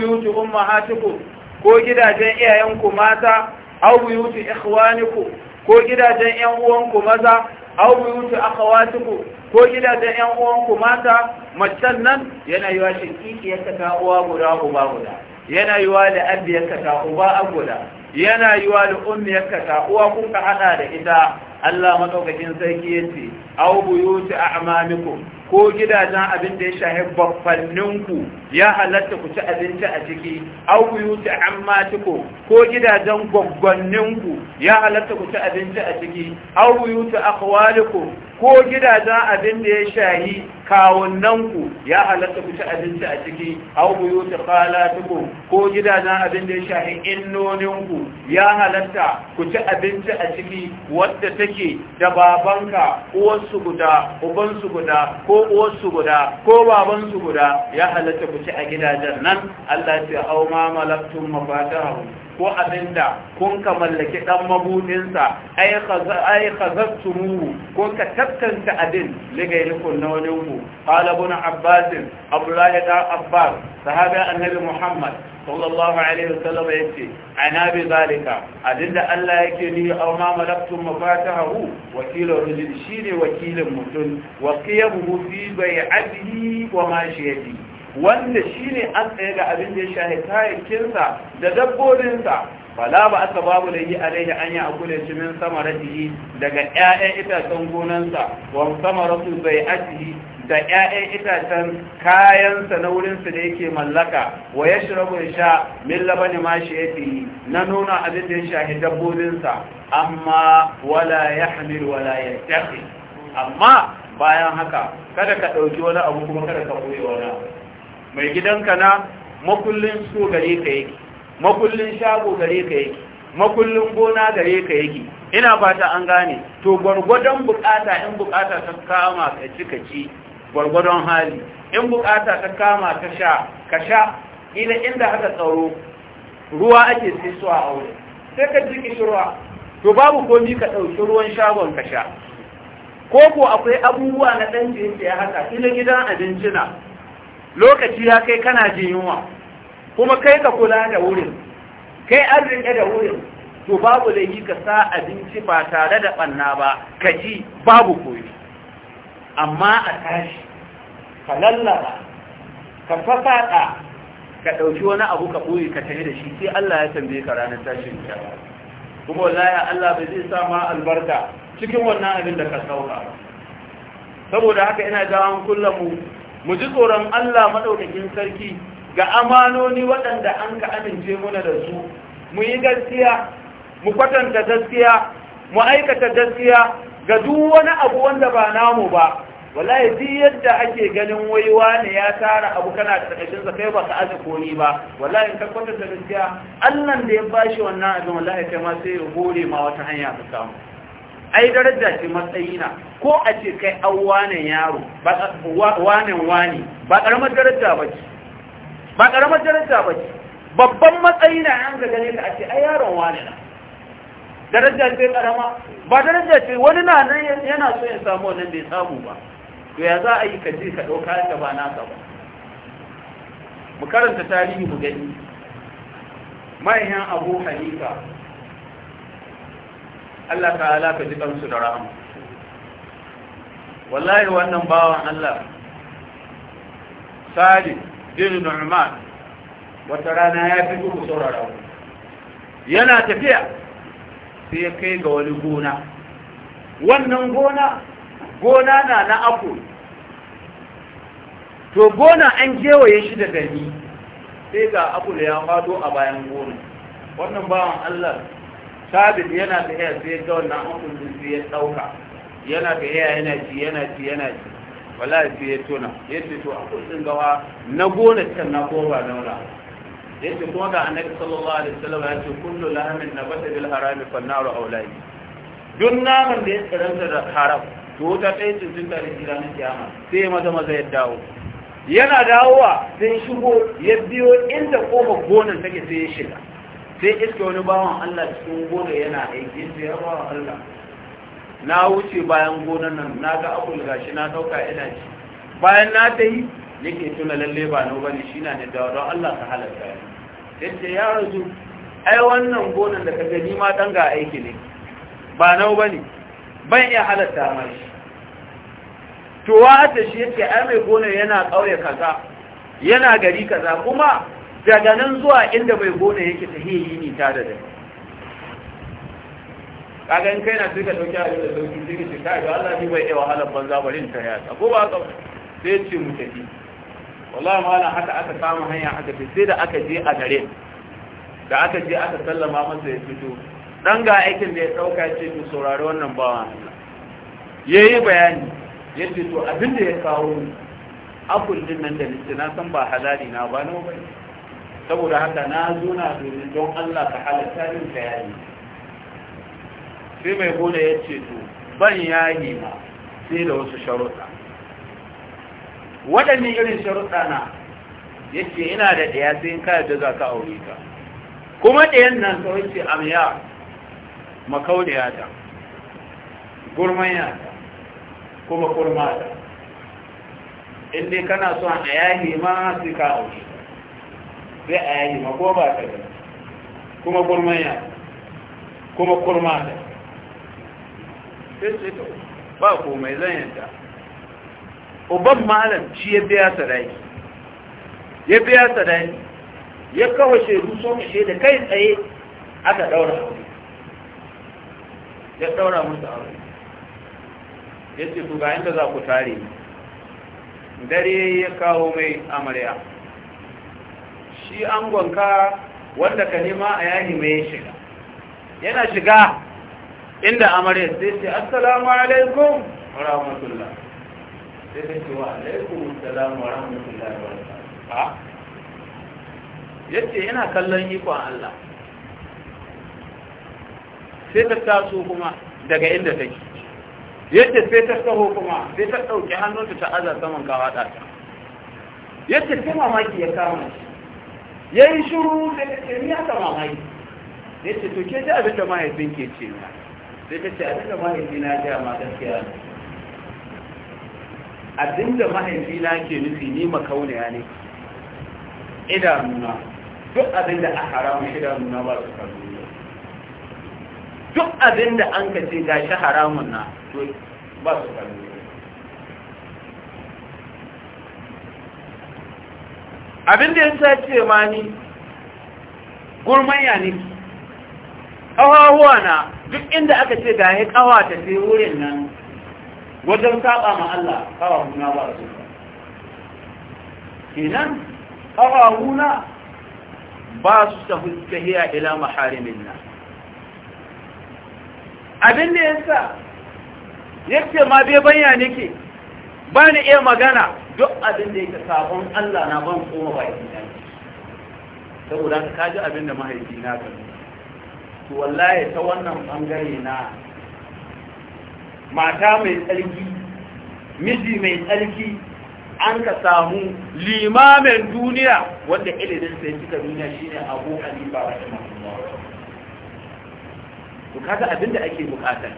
yi ta umar hatiku ko gidajen iyayenku mata au yi ta ikhwaniku ko gidajen yan uwanku maza abu yi ta akawatiku ko gidajen yan uwanku mata macen nan yana yi yiwa shinkiki ya kata uwa guda uba guda yana yi wa da abu ya kata uba guda yana yiwa da ummiyarka ta uwa kun ka da ita Allah madaukakin sarki yace aw buyuti a'mamikum ko gidajen abin da ya shahi baffanninku ya halatta ku ci abinci a ciki au ku yi amma tuko ko gidajen gwaggwanninku ya halatta ku ci abinci a ciki au ku yi akwaliku ko gidajen abin da ya shahi kawunanku ya halatta ku ci abinci a ciki au ku yi khalatuku ko gidajen abin da ya shahi innoninku ya halatta ku ci abinci a ciki wadda take da babanka uwarsu guda ubansu guda ko uwarsu guda ko babansu guda ya halatta ku a gidajen nan Allah ce au ma malaktum mafatahu ko abinda kun ka mallaki dan mabudinsa ai khaza ai khazabtumu ko ka tattanta abin ligairikun na wani ku qala ibn abbas abdullah da abbas sahabi annabi muhammad sallallahu alaihi wasallam yace ana bi zalika abinda Allah yake ni au ma malaktum mafatahu wakilu rajul shine wakilin mutum wa bai fi bai'atihi wa mashiyatihi wanda shi ne an tsaye ga abin da ya shahi kayakinsa da dabbobinsa fala ba aka babu da yi a rai an yi da cimin sama samaratihi daga 'ya'yan itacen gonansa wa bai bai'atihi da 'ya'yan itacen kayansa na wurinsa da yake mallaka wa ya rabu ya sha min labani ma shi yi? na nuna abin da ya shahi dabbobinsa amma wala ya hamil wala ya tafi amma bayan haka kada ka ɗauki wani abu kuma kada ka ɓoye wani mai gidanka na makullin so gare ka yake makullin shago gare ka yake makullin gona gare ka yake ina fata an gane to gwargwadon bukata in bukata ta kama ka ci ka ci gwargwadon hali in bukata ta kama ka sha ka sha ila inda haka tsaro ruwa ake sai a aure sai ka ji kishirwa to babu komi ka ɗauki ruwan shagon ka sha ko ko akwai abubuwa na ɗan jinsi ya haka ina gidan abinci na lokaci ya kai kana jin yunwa kuma kai ka kula da wurin kai an rike da wurin to babu laifi ka sa abinci ba tare da banna ba ka ji babu koyi amma a tashi ka lallaba ka fafaɗa ka ɗauki wani abu ka ɓoye ka tafi da shi sai Allah ya tambaye ka ranar tashin kiyama kuma wallahi Allah bai zai sa ma albarka cikin wannan abin da ka sauka saboda haka ina jawon kullum mu ji tsoron Allah maɗaukakin sarki ga amanoni waɗanda an ka amince muna da su mu yi gaskiya mu kwatanta gaskiya mu aikata gaskiya ga duk wani abu wanda ba namu ba wallahi duk yadda ake ganin waiwa ne ya tara abu kana da takashin sa kai baka aje ni ba wallahi in ka kwatanta gaskiya Allah da ya bashi wannan abin wallahi kai ma sai ya ma wata hanya ka samu ai daraja ce matsayi na ko a ce kai an wane yaro wanen wani ba karamar daraja ba ce ba karamar daraja ba ce babban matsayi na an ga gane ka a ce ai yaron wane na daraja ce karama ba daraja ce wani na nan yana so ya samu wannan bai samu ba to ya za a yi ka je ka ɗauka ka ba naka ba mu karanta tarihi mu gani mayan abu hanifa Allah ta ka ji su da rahama wallahi wannan bawan Allah Salim bin Nu'man wata rana ya fi ku saurara yana tafiya sai ya kai ga wani gona wannan gona gona na na aku. to gona an kewaye shi da gani sai ga aku da ya fado a bayan gona wannan bawan Allah sabit yana da haya sai ga wannan abun da sai ya dauka yana da haya yana ci yana ci yana ci wallahi sai ya tona yace to a din gawa na gona can na ko ba wala yace kuma ga annabi sallallahu alaihi wasallam ya ce kullu lahamin nabata bil harami fan naru aulai duk naman da ya karanta da haram to wuta ta yi tuntun da jira na kiyama sai ya maza maza ya dawo yana dawowa sai shigo ya biyo inda kofar gonar take sai ya shiga sai iske wani bawan Allah cikin gona yana aiki sai ya bawan Allah na wuce bayan gonan nan na ga abul gashi na dauka ina ci bayan na ta yi nake tuna lalle ba no bane shi na ne da don Allah ka halatta ya sai ce ya razu ai wannan gonan da ka gani ma dan ga aiki ne ba nau bane ban iya halatta ma shi to wa ta shi yake ai mai gonar yana kauye kaza yana gari kaza kuma daga nan zuwa inda mai gona yake hiyayi ne ta da kaga in kai na suka dauki abin da sauki sai ce kai ga Allah ne bai yi wahalar banza bari in tare ta ko ba ka sai ce mu tafi wallahi na haka aka samu hanya haka sai da aka je a gare da aka je aka sallama masa ya fito dan ga aikin da ya dauka ce to saurari wannan bawan Allah yayi bayani yace to abin da ya kawo akullin nan da na san ba halali na ba nawa bane saboda haka na zo na domin don Allah ka halatta min ka sai mai gona ya ce to ban yayi ma sai da wasu sharuɗa waɗanne irin sharuɗa na yace ina da ɗaya sai in ka yarda za ka aure ka kuma ɗayan nan kawai ce amya makauniya ta gurmanya ta kuma kurma ta in kana son a yayi ma sai ka aure sai a yayi ma ko ba ta da kuma kurman ya kuma kurma ta sai to ba mai zan yanta uban malam shi ya biya sadaki ya biya sadaki ya kawo shaidu shi da kai tsaye aka daura aure ya daura musu aure ya ce to ga inda za ku tare dare ya kawo mai amarya shi angonka wanda ka nema a yayi mai shiga yana shiga inda amare sai ce assalamu alaikum wa rahmatullah sai ta ce wa alaikum assalamu wa rahmatullah wa barakatuh ah. yace yana kallon ikon Allah sai ta taso kuma daga inda take yadda sai ta taho kuma sai ta dauki hannunta ta azar saman kawata ta yadda sai mamaki ya kama shi ya yi shuru da kacin ya sama mai ya ce to ke ji abinda mahaifin ke ce na sai ta ce abinda da mahaifin na ji a magaskiya ne Abinda da mahaifin na ke nufi ni makauniya ne idanuna duk abinda a haramun idanuna ba su kallo duk abinda an ka ce gashi haramun na ba su kallo abin da yasa ce ma ni gurmanya ne Ƙawawuwa na duk inda aka ce ga ya ƙawa ta sai wurin nan wajen saba ma Allah ƙawa kuna ba su kenan ƙawa ƙawawuna ba su ta fuskahiya ila maharimin nan abin da ya ce ma bai bayyana ke ba ni iya magana duk abin da yake sabon Allah na ban koma baki na saboda ka ji abin da mahaifi na ka to wallahi ta wannan bangare na mata mai tsarki miji mai tsarki an ka samu limamin duniya wanda ilimin sai cika duniya shine Abu wa rahimahullah to kaga abin da ake bukata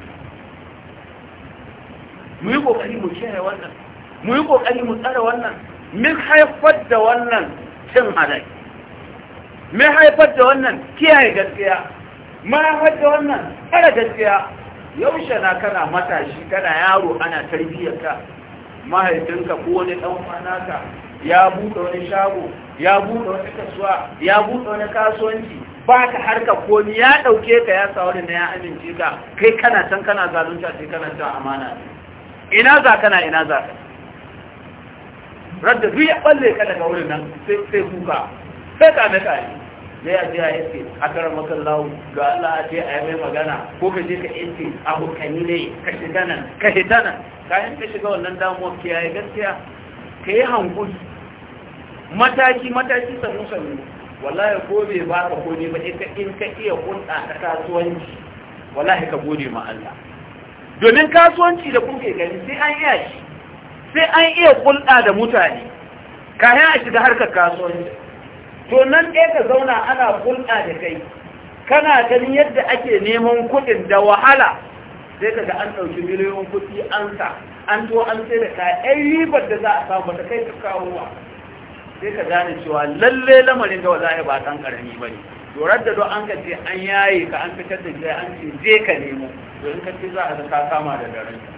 mu yi kokari mu kiyaye wannan mu yi kokari mu tsara wannan min haifar da wannan cin halai min haifar da wannan kiyaye gaskiya ma haifar da wannan tsara gaskiya yaushe na kana matashi kana yaro ana tarbiyyarka mahaifinka ko wani dan uwanaka ya buɗe wani shago ya buɗe wani kasuwa ya buɗe wani kasuwanci ba ka harka ko ni ya ɗauke ka ya sa wani na ya amince ka kai kana can kana zalunta sai kana ta amana ina za kana ina za kana rada duk ya balle ka daga wurin nan sai kuka sai ka ne kai ne ya ji a yake a karan makallahu ga Allah a ce a yi mai magana ko ka je ka a abokani ne ka shiga nan ka hita nan kayan ka shiga wannan damuwar ki yayi gaskiya ka yi hankuli mataki mataki sannu sannu wallahi ko bai ba ka ko ne ba in ka iya kunta ta kasuwanci wallahi ka gode ma Allah domin kasuwanci da kuke gani sai an yi shi sai an iya kulɗa da mutane kayan a shiga harkar kasuwanci to nan ɗaya ka zauna ana kulɗa da kai kana ganin yadda ake neman kuɗin da wahala sai ka ga an ɗauki miliyoyin kuɗi an sa an to an sai da kayan ribar da za a samu ta kai ka kawo sai ka gane cewa lalle lamarin da wazaye ba kan karami ba ne dorar da don an ka ce an yaye ka an fitar da jai an ce je ka nemo to in ka za a zaka kama da daren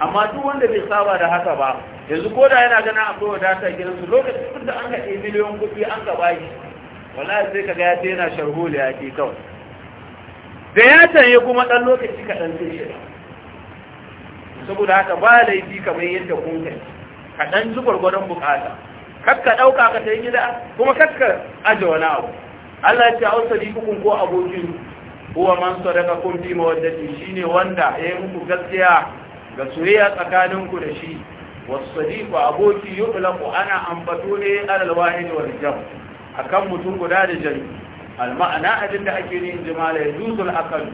amma duk wanda bai saba da haka ba yanzu ko da yana ganin akwai wadata gidansu lokacin da an haɗe miliyon kuɗi an ka bashi wallahi sai kaga ya sai yana sharholi ya ke kawai da ya tanye kuma ɗan lokaci kaɗan sai shi saboda haka ba laifi kamar yadda kun kai kaɗan zubar gwadon bukata kakka ɗauka ka ta yi gida kuma kakka aje wani abu Allah ya ce a wasu rikukun ko abokin huwa man sadaka kun fi mawaddati shine wanda ya yi muku gaskiya ga soyayya tsakaninku da shi wasadiku aboki yuqlaqu ana ambato ne alal wahid wal jam akan mutum guda da jari al abin da ake ne jimala yuzul akal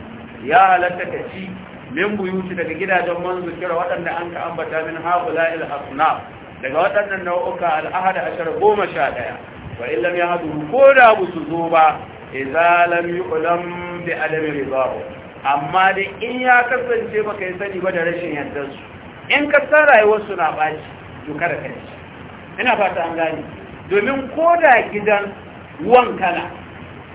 ya halatta ka ci min buyuti daga gidajen manzo kira waɗanda an ka ambata min haula'il asnaf daga waɗannan nau'uka al ahad ashar goma sha ɗaya wa illam yahdu ko da bu su zo ba idza lam yuqlam bi adami ridahu amma dai in ya kasance maka yi sani ba da rashin yardar su in ka san rayuwar su na baci to kada ka ci ina fata an gane domin ko da gidan wankana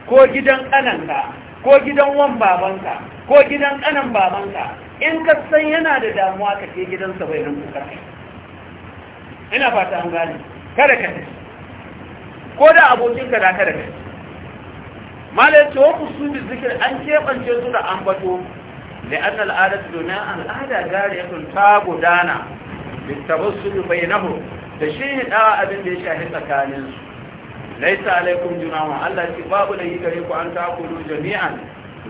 ko gidan kananka ko gidan wan babanka ko gidan kanan babanka in ka san yana da damuwa ka je gidansa bai rin kuka ina fata an gane kada ka ci ko da abokinka da kada ka ci malai ce wa bi zikir an keɓance su da bato da an al'ada su domin al'ada gare ya ta gudana da tabassu bai nahu da shi ne ɗawa abin da ya shahi tsakaninsu laisa alaikum junawa allah ce babu da yi gare ku an kudu jami'an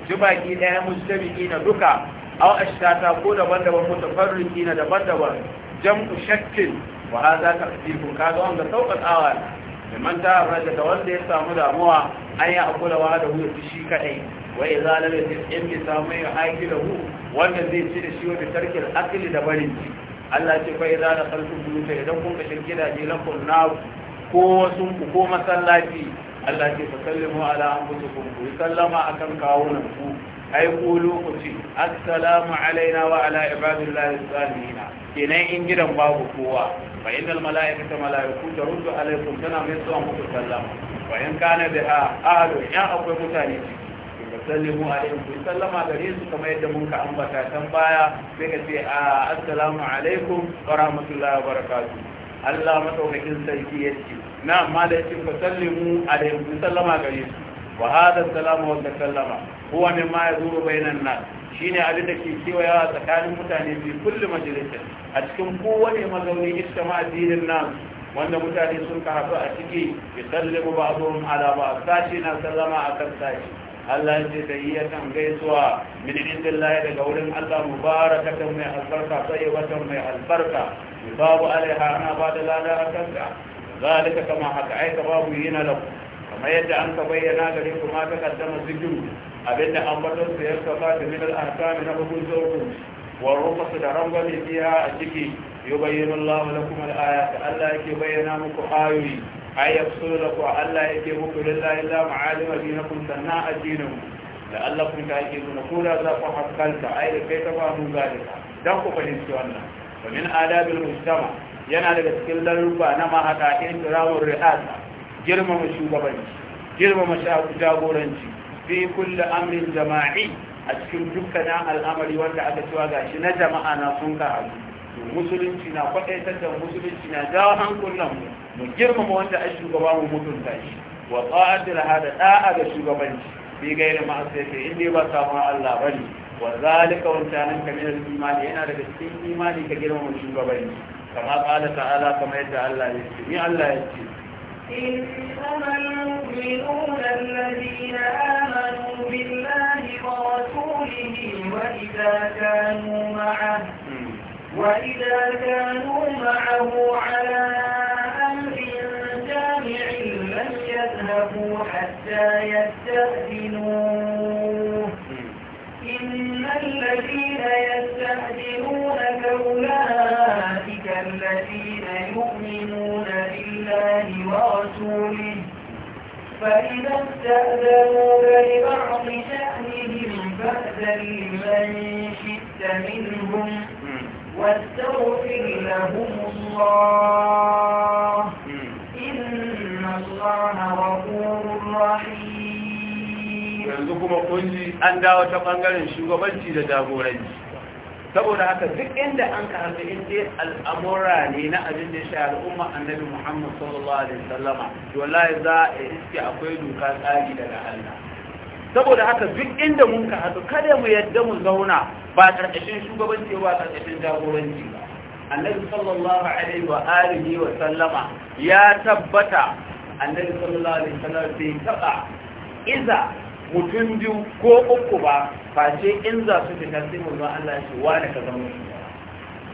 ji baki ɗaya mujtabi'i na duka aw ashtata ko daban-daban mutafarriqi na daban-daban jam'u shakkin wa hadha taqdiru kaga wanda sauƙaƙawa man ta raja da wanda ya samu damuwa an yi akula wa da su shi kadai wa idza lam yatim bi samu ya aiki da hu wanda zai ci da shi wa tarkil akli da barin ci Allah ce fa idza da khalqu buyuta idan kun ka shirki da jilan kun na ko sun ku ko masallaci Allah ce fa sallimu ala anfusikum ku sallama akan kawunan ku ai kulu ku ci assalamu alaina wa ala ibadillahi salihin kenan in gidan babu kowa فإن الملائكة ملائكة ترد عليكم تنا مثل أمك السلام وإن كان بها أهل يا أبو متاني sallimu alaikum ku sallama gare su kamar yadda mun ka ambata tan baya sai ka ce Allah madaukakin sarki yace na amma da yace ku sallimu alaikum ku sallama gare su wa hada salama wa sallama huwa mimma yazuru bainan nan. shine abin da ke yawa tsakanin mutane bi kulli majalisar a cikin kowane mazauni ijtama addinin nan wanda mutane sun karatu a ciki bi ba ba'dhum ala ba'd sashi na sallama a sashi Allah ya ce tayyatan gaisuwa min indillahi daga wurin Allah mubarakatan mai albarka tayyibatan mai albarka babu alaiha ana ba da lada akan ta zalika kama haka aika babu yana lahu kamar yadda an ka bayyana gare kuma ma ta kaddama abinda an batar su ya kafa da min al-ahkam na hukun zawku wa rufatu da rangwame fiha a ciki yubayyinu Allah lakum al-ayat Allah yake bayyana muku ayoyi ay yafsulu lakum Allah yake muku lillahi da allah kun ta yake la'allakum ko da za ku hakkalta ay kai ta ba mu zalika don ku fahimci wannan domin min adabil yana daga cikin laruba na mahaka in kirawun ri'asa girmama shugabanci girmama jagoranci fi kulli amrin jama'i a cikin dukkanin al'amari wanda aka ga shi na jama'a na sun ka musulunci na kwaɗaitar da musulunci na jawo hankulan mu girmama wanda a shugaba mu mutunta shi wa tsa'atul hada da'a ga shugabanci bi gairi sai in dai ba samu Allah bane wa zalika wa tanan kamil imani yana daga cikin imani ka girmama shugabanci kama qala ta'ala kama yadda Allah ya ce ni Allah ya ce إنما المؤمنون الذين إذا كانوا معه وإذا كانوا معه على أمر جامع لم يذهبوا حتى يستأذنوه إن الذين يستأذنونك كأولئك الذين يؤمنون بالله ورسوله فإذا استأذنوك لبعض شأن فاغفر لمن شئت منهم واستغفر لهم الله إن الله غفور رحيم yanzu kuma an dawo ta bangaren shugabanci da jagoranci saboda haka duk inda an ka inda al'amura ne na abin da shi al'umma annabi muhammad sallallahu alaihi sallama wallahi za a iske akwai doka tsari daga allah saboda haka duk inda mun ka haɗu kada mu yadda mu zauna ba ƙarƙashin shugabanci ba ƙarƙashin jagoranci ba annabi sallallahu alaihi wa alihi wa sallama ya tabbata annabi sallallahu alaihi wa sallama bai taɓa iza mutum biyu ko uku ba ba ce in za su fita sai mu zama Allah ya ce wa da ka zama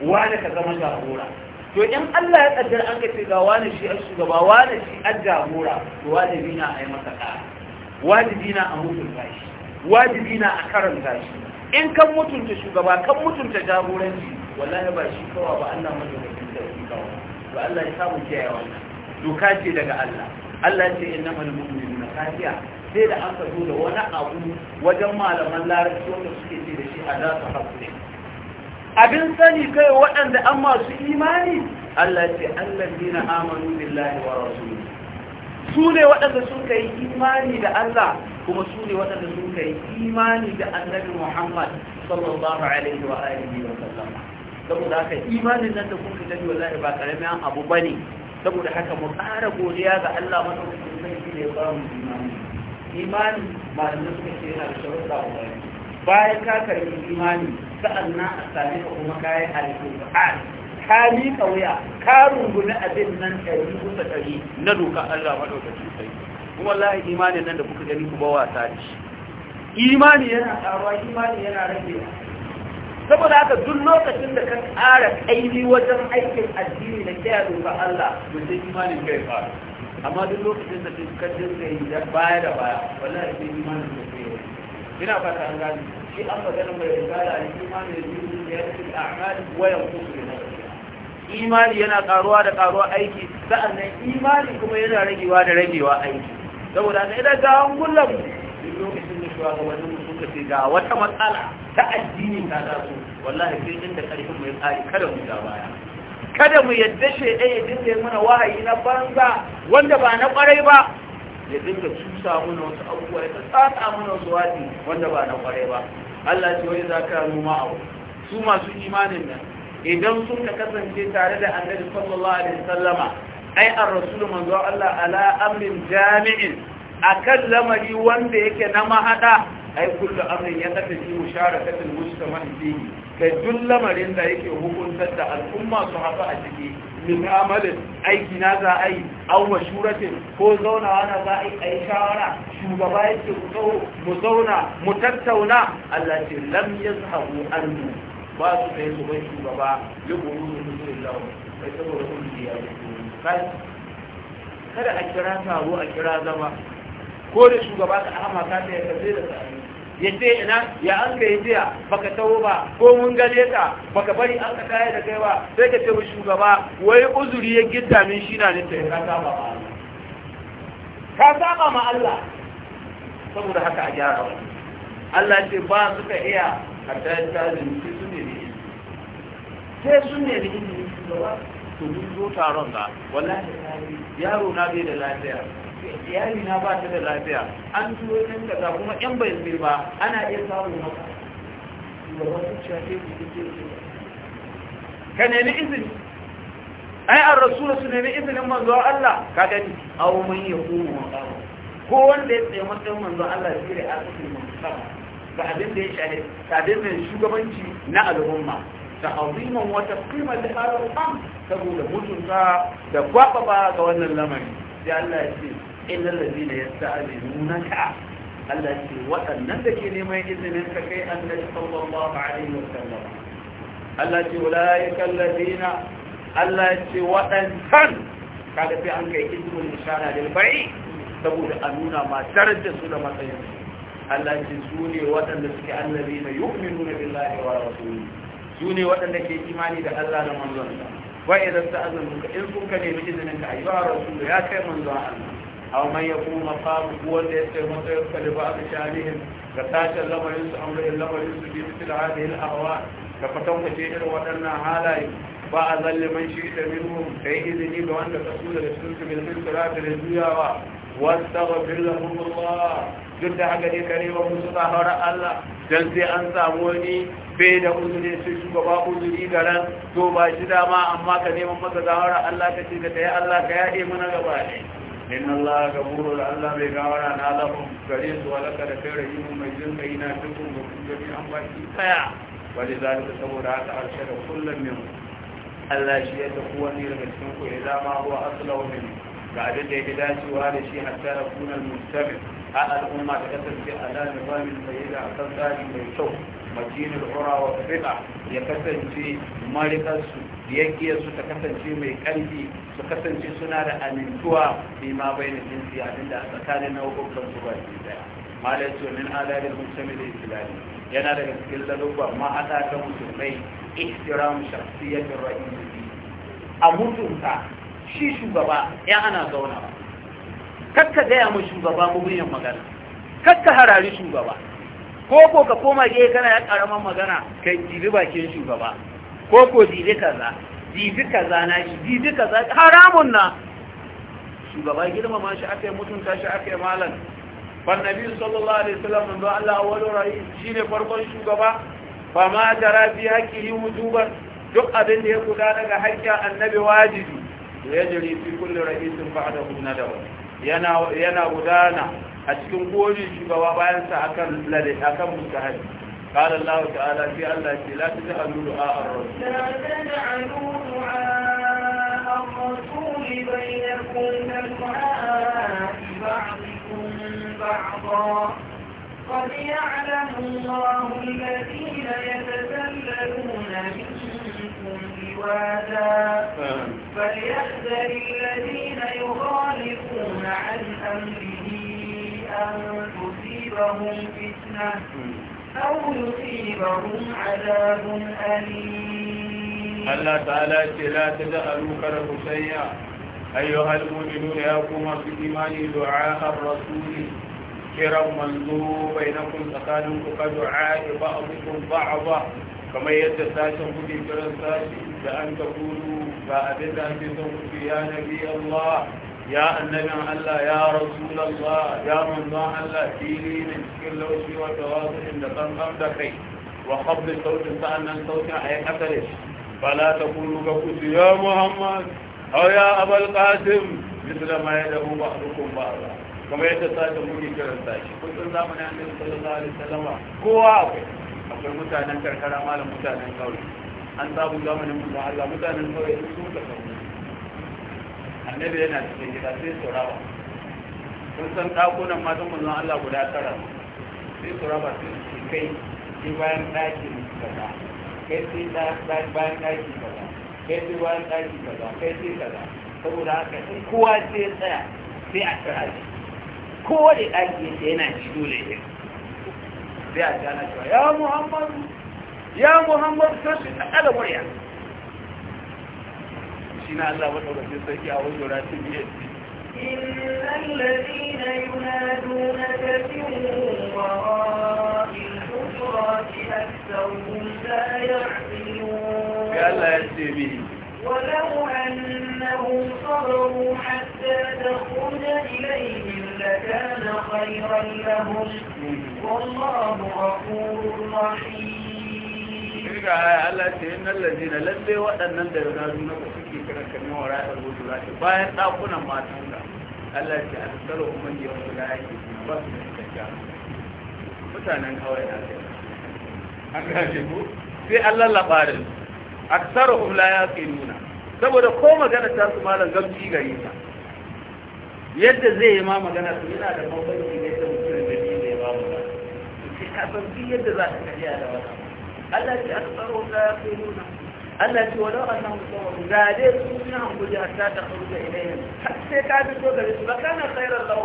wa da ka zama jagora to in Allah ya kaddar an ka ce ga wani shi a shugaba wani shi a jagora to wajibi na a yi masa ƙara wajibi na a mutunta shi wajibi na a karanta shi in kan mutunta shugaba kan mutunta jagoranci wallahi ba shi kawa ba Allah madaukakin sarki kawa to Allah ya samu kiyaye wannan doka ce daga Allah Allah ce innamal mu'minuna kafiya sai da aka zo da wani abu wajen malaman larabci wanda suke ce da shi a za su haƙure abin sani kai waɗanda an masu imani Allah ce Allah dina amanu billahi wa rasuluhu su ne waɗanda suka yi imani da Allah kuma su ne waɗanda suka yi imani da annabi Muhammad sallallahu alaihi wa alihi wa sallam saboda haka imanin nan da kuka gani wallahi ba karamin abu bane saboda haka mu ƙara godiya ga Allah madaukakin sarki da ya ba mu imani imani malamin suka ce yana da sharuɗa Ba bayan ka karbi imani sa'annan a same ka kuma kayan halittu alƙur'ani ka miƙa wuya ka rungumi abin nan ɗari kusa ɗari na doka Allah maɗaukaci sai kuma wallahi imanin nan da kuka gani ku ba wasa da shi imani yana ƙaruwa imani yana rage saboda haka duk lokacin da ka ƙara ƙaimi wajen aikin addini da kiyaye doka Allah mutum imanin kai fara amma duk lokacin da ka dinga yi da baya da baya wallahi sai imanin ka kai ina fata an gani shi an magana mai rigala a imanin da yi da ya ce a'mal wa yanqusu imani yana karuwa da karuwa aiki sa'annan imani kuma yana ragewa da ragewa aiki saboda haka idan ga an kullum lokacin da mu suka ce ga wata matsala ta addini ta taso wallahi sai inda karfin mu ya tsari kada mu ja baya kada mu yadda shaiɗe ya dinga yi mana wahayi na banza wanda ba na ƙwarai ba ya dinga cusa mana wasu abubuwa ya tsatsa mana wasu wadi wanda ba na ƙwarai ba Allah ce wani za ka yi ma'au su masu imanin nan idan suka kasance tare da annabi sallallahu alaihi wasallama ai ar-rasul manzo Allah ala amrin jami'in akan lamari wanda yake na mahada ai kullu amrin ya kace shi musharakatul mujtama fihi kai duk lamarin da yake hukuntar da al'umma su haɗu a ciki min amalin aiki na za a yi an shuratin, ko zaunawa na za a yi shawara shugaba yake mu zauna mu tattauna Allah ce lam yazhabu annu ba su da yanzu mai shugaba ya goro da su ne lawa sai saboda da ya yi kai kada a kira taro a kira zama ko da shugaba ka ahama ka ta yadda zai da sa'ani ya ce ina ya an ka yi jiya baka taho ba ko mun gane ka baka bari an ka kaya da kai ba sai ka ce wa shugaba wai uzuri ya gidda min shi na nita ya saba ma Allah ka saba ma Allah saboda haka a gyara wa? Allah ce ba suka iya a ta zuci sai sun ne da izini shugaba to mun zo taron ga wallahi yaro na bai da lafiya iyali na ba ta da lafiya an turo ɗan kaza kuma yan bai zai ba ana iya samun maka shugaba su ce ce ku ce ka nemi izini ai an rasulu su nemi izinin manzo Allah ka gani aw man yaqumu maqama ko wanda ya tsaye matsayin manzo Allah ya ne a cikin mutaka ga abin da ya shahe ga abin da shugabanci na al'umma تعظيما وتقديما لهذا الامر تقول مجرى دقاقه بقى وانا اللمن يا الله يسير الا الذين يستاذنونك الله يسير وانن دك نيمين اذنك كي النبي صلى الله عليه وسلم الله يسير اولئك الذين الله يسير وانن kada sai an kai izinin ishara da bai saboda a nuna ma darajar su da matsayin Allah ya ce su ne waɗanda suke annabi na yu'minu billahi wa rasulihi su ne waɗanda ke imani da Allah da manzon sa wa idan ta azumi ka in kun ka nemi izinin ka ayyuha rasulu ya kai manzon Allah aw man yakum maqamu wanda ya sai masa ya kalli ba a shalihin ga tashin lamarin su amrin lamarin su bi fitil hadhihi al-ahwa ka fatan ka ce irin waɗannan halaye ba a zalle man shi da minhum kai izini ga wanda ka su da sun su bil fitil da juyawa واستغفر لهم الله duk da haka ne kare wa musu tsahara Allah don sai an samu wani bai da uzuri sai shugaba uzuri ga ran to ba shi dama amma ka neman masa tsahara Allah ka ce ka yi Allah ka yaɗe mana gaba ne inna Allah gafuru da Allah bai gawara na lahum gare su walaka da kai rahimu mai jin kai na dukkan ga kujami an ba shi tsaya. wani za ta saboda haka harshe da kullum min Allah shi ya tafi wani daga cikin ku ya dama ruwa aslahu min ga abin da ya dacewa da shi a tara kunan mustami a al'umma da kasance a da nizamin mai da kan tsari mai kyau majinin ura wa ya kasance marikarsu su ta kasance mai ƙarfi su kasance suna da amintuwa ma bai da jinsi abin da tsakanin nau'ukan su ba ke daya malai ce min alalin da islami yana daga cikin lalubba ma'ada ta musulmai ihtiramu shakhsiyatin ra'isi a ta. shi shugaba ya ana zauna kakka gaya mu shugaba mummuyan magana kakka harari shugaba ko ko ka koma gaya kana ya karaman magana ka jibi bakin shugaba ko ko jibi kaza jibi kaza na shi jibi kaza haramun na shugaba girmama shi aka yi mutunta shi aka yi malam Ban فالنبي صلى الله عليه وسلم من دعا الله أول رئيس شين فرقون شوغبا فما جرى في حقه وجوبا duk abin da ya gudana daga haƙƙin annabi wajibi ويجري في كل رئيس بعده ندوة yana yana gudana a cikin kowane shugaba bayan sa akan قال الله تعالى في الله لا تجعلوا دعاء الرسول لا تجعلوا دعاء الرسول بينكم كدعاء بعضكم بعضا قد يعلم الله الذين يتسللون منكم أشواتا فليحذر الذين يخالفون عن أمره أن تصيبهم فتنة أو يصيبهم عذاب أليم الله تعالى لا تجعلوا كره شيئا أيها المؤمنون يا قوم في إيمان دعاء الرسول كرم منذور بينكم تكالوا كدعاء بعضكم بعضا kamar yadda sashen kuke kiran sashi da an ta kulu ga abin da ake son kuke ya nabi Allah ya annabin Allah ya rasulallah ya manzon Allah fili ne cikin laushi wa tawazu'in da tsantsan da kai wa qabl sautin sa'annan sautin a yi kasare fala ta kulu ga kuce ya Muhammad aw ya Abul Qasim misla ma yadahu ba'dukum ba'da kamar yadda sashen kuke kiran sashi kun san zamanin Annabi sallallahu alaihi wasallam kowa akwai akwai mutanen karkara malam mutanen kawai an samu zamanin mutum Allah mutanen kawai sun sun ka samu annabi yana cikin gida sai turawa Sun san ɗakunan matan manzon Allah guda tara sai turawa sai su kai sai bayan ɗakin kaza kai sai bayan ɗakin kaza kai sai bayan ɗakin kaza kai sai kaza saboda haka in kowa sai tsaya sai a tsara kowa da ɗaki yana shi da yake يا محمد يا محمد سوشي هذا مريع يا إن الذين ينادونك في وراء الحجرات أكثرهم لا يحسنون ولو أنهم صبروا حتى تخرج إليهم لكان خيرا لهم والله غفور رحيم إذا Allah ce الذين lallazi na lalle waɗannan da yana nuna ku suke kiran kan yawan ra'ayar wasu rashi bayan matan da Allah ce a mutanen kawai na an gaje ku sai Allah labarin aksaro hum la yaqinuna saboda ko magana ta su malam gamci gare ta yadda zai yi ma magana su yana da mabanci ne da mutum da ni zai ba mu ba sai ka yadda za ka kaji da wata Allah ce aka tsaro da ya kai nuna Allah ce walau an nan musamman Ga dai sun yi hankuli a ta ta karu da ilayen sai ka bi so gare su ba kana tsairar lau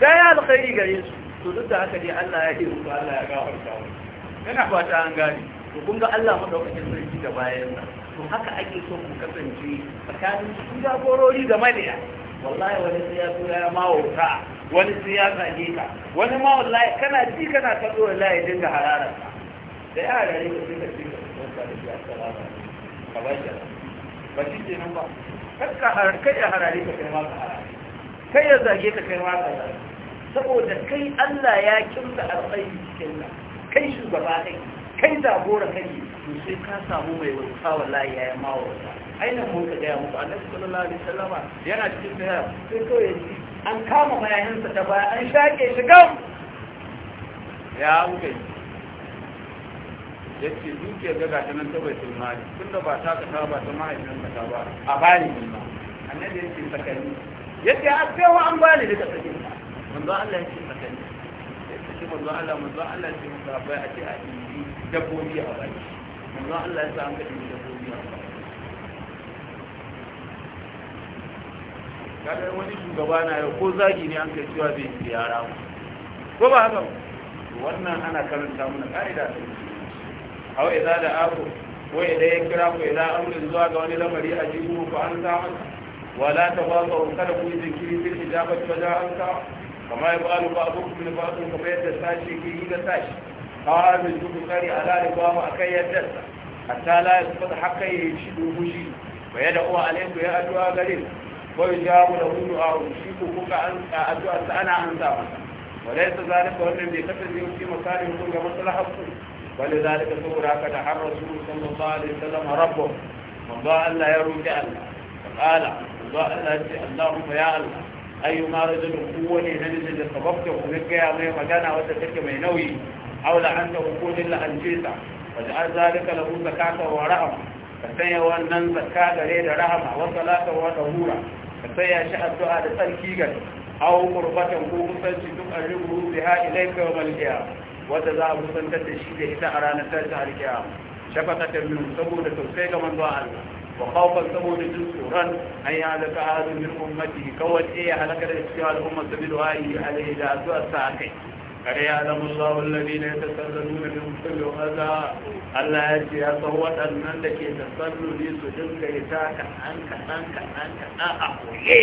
ga ya alkhairi gare su to duk da haka dai Allah ya yi su Allah ya gafarta mu yana fata an gane to kun ga Allah madaukakin sarki da bayan sa to haka ake so ku kasance tsakanin shugabori da maniya wallahi wani sai ya tura ya mawauta wani sai ya zage ka wani ma wallahi kana ji kana kallo wallahi ya dinga hararar da ya harare ka sai ka ci ka tsanta da ya salama ka ba shi ba shi ke nan ba kakka harar kai ya harare ka kai ma ka harare kai ya zage ka kai ma ka zage saboda kai Allah ya kimta alƙairi cikin ka kai shugaba kai kai jagora kai to sai ka samu mai wata wallahi ya yi mawauta aina mun ka gaya muku annabi sallallahu alaihi wasallam yana cikin tsaya sai ko ya ji an kama bayaninsa ta baya an shake shi gam ya muke ya ce duke ga ta nan ta bai sun ne tun da ba ta ka ta ba ta mahaifin ka ta ba a bani ne ba annabi ya ce sakani ya ce a cewa an bani daga sakin manzo Allah ya ce sakani ya ce manzo Allah manzo Allah ya ce musa bai a ce a ɗin dabbobi a bani manzo Allah ya sa an ka ɗin dabbobi a bani kada wani shugaba na yau ko zagi ne an kai cewa zai yi yara ko ba haka wannan ana karanta mana ka'ida ta hau idza da aku ko idan ya kira ku idan amrin zuwa ga wani lamari a jibu ku an sa masa wala ta ba ku kada ku yi jinkiri fil ijabati wajen an sa kamar ya ba'alu ba'dukum ba su kama yadda sashi ke yi da sashi qala bi kari ala a akai yadda hatta la yasbut yi shi dubushi wa yad'u alayku ya addu'a gare ku ويجاب له دعاء شيك كوكا أن أدعو أنا أنت وليس ذلك وأن بيكتب في مكان يكون مصلحة ولذلك سورة فتح الرسول صلى الله عليه وسلم ربه من ضاء الله يروج الله فقال من ضاء الله اللهم يا الله أيما رجل قوة ننزل لصببته ونقى يا مي مجانا وتتك مينوي أولى أنت وقود إلا أن أنجيتا وجعل ذلك له زكاة ورحمة فسيوى أن زكاة غير رحمة وصلاة وطهورة sai ya shi addu'a da tsarki ga hau qurbatan ko kusanci duk arribu biha ilayka wa malqiya wanda za a kusantar da shi da ita a ranar tashin alkiya shafaqatan min saboda tausayi ga manzo Allah wa khawfan saboda jin tsoron an yi halaka hadu min ummati kawai ya halaka da cikin al'umma sabidu ayi alayhi da addu'a sa kai kare ya zama sabon labi ne ta sallu da bin kullu Allah ya ce ya san waɗannan da ke ne su dinga ita kaɗan kaɗan kaɗan kaɗan a koye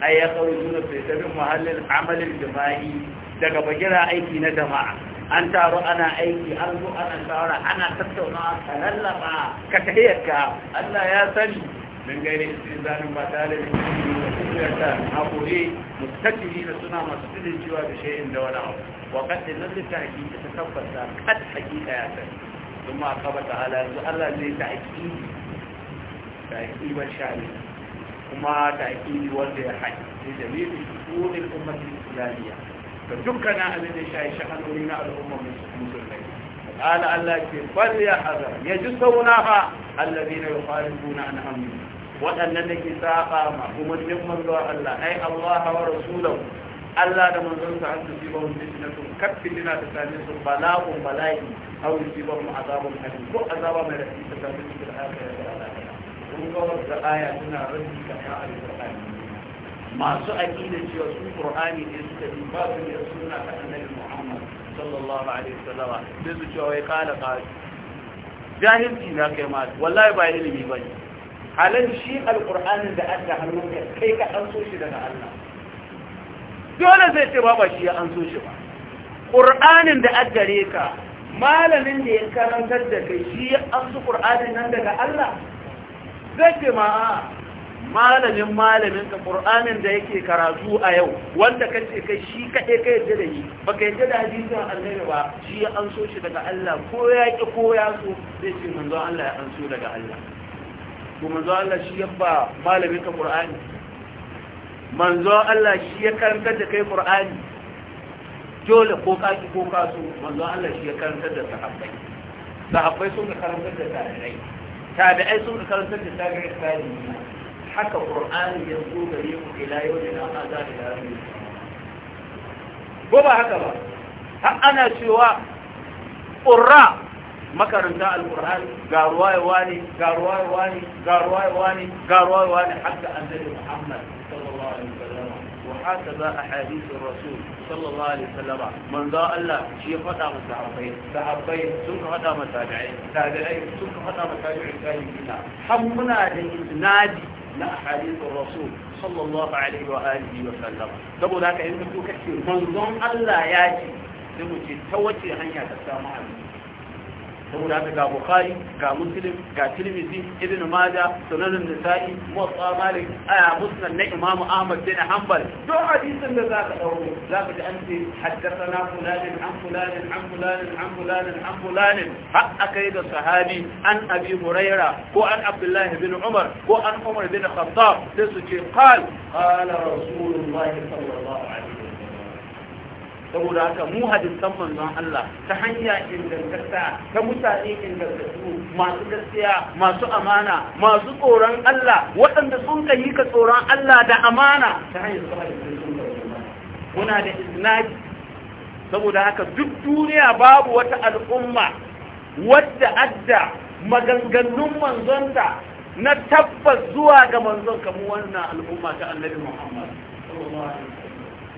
ai ya kawo suna fesarin muhallin amalin jima'i daga bagira aiki na jama'a an taro ana aiki an zo ana tsara ana tattaunawa ka lallaba ka tayyarka Allah ya sani zanin من غير استئذان بدال من كل مكان هؤلاء مستكبرين سنة مسجد الجواب da wani abu. wakasai na duka hakika ta tabbata kan hakika ya sai don ma kaba ta halayen Allah zai ta hakiki ta hakiki ba shari kuma ta hakiki wanda ya haƙi zai da mefi tsohon ummatin islamiyya ga dukkanin abin da shayi shahanori na al'umma musulmai ala Allah ke kwalliya hazar ya ji sauna ha allabi na yi na an hannu waɗannan da ke tsaka ma kuma jin manzo Allah ai Allah hawa rasulan Allah da manzonsa an su jiba wani fitnatun kar fitina ta sami sun bala'un bala'i aw yusiba mu azabun alim ko azaba mai rafi ta same su da aka yadda da kun ga wata aya tana rabi da ka alqur'ani masu aqida cewa su qur'ani ne suka yi ba su ne suna ta annabi Muhammad sallallahu alaihi wasallam sai su cewa wai kala qali jahilci na kai ma wallahi ba ilimi ba ne. halin shi alqur'anin da aka hannunka kai ka an so shi daga Allah dole zai ce ba shi ya an so shi ba ƙur'anin da an gare ka malamin da ya karantar da kai shi ya an su ƙur'anin nan daga Allah zai ce ma a malamin malamin ka ƙur'anin da yake karatu a yau wanda ka ce kai shi kaɗe ka yadda da yi ba ka yadda da hadisin annabi ba shi ya an so shi daga Allah ko ya ƙi ko ya so zai ce manzo Allah ya an so daga Allah to manzo Allah shi ya ba malamin ka ƙur'ani manzo Allah shi ya karanta da kai Qur'ani dole ko kaki ko kasu manzo Allah shi ya karanta da sahabbai sahabbai sun karanta da tabi'ai tabi'ai sun karanta da tabi'ai tabi'i haka Qur'ani ya zo gare mu ila yau da nan za da rayu ko ba haka ba har ana cewa qurra makaranta alqur'ani ga ruwayewa wani, ga ruwayewa ne ga ruwayewa wani, ga ruwayewa ne har da annabi Muhammad الله عليه وسلم وهكذا أحاديث الرسول صلى الله عليه وسلم من ذا الله شيء فتا متعبين تعبين سنك فتا متابعين تابعين سنك فتا متابعين تابعين حمنا لإسنادي na ahadithun rasul sallallahu alaihi wa alihi wa sallam saboda haka in ka so kace manzon Allah ya ce sai mu ce ta wace hanya ta samu hadisi saboda haka ga bukhari ga muslim ga tirmidhi ibn maja sunan nisai muwatta malik aya musnad na imam ahmad bin hanbal duk hadisin da zaka dauko zaka ji an ce haddathana fulan an fulan an fulan an fulan an fulan har akai da sahabi an abi huraira ko an abdullahi bin umar ko an umar bin khattab sai su ce qal qala rasulullahi sallallahu alaihi saboda haka mu hadisan manzon Allah ta hanya ingantacciya ta mutane ingantattu masu gaskiya masu amana masu tsoron Allah waɗanda sun kai ka tsoron Allah da amana ta hanyar su hadisan muna da isnadi saboda haka duk duniya babu wata al'umma wadda adda maganganun manzonta na tabbas zuwa ga manzon kamar wannan al'umma ta annabi Muhammad sallallahu alaihi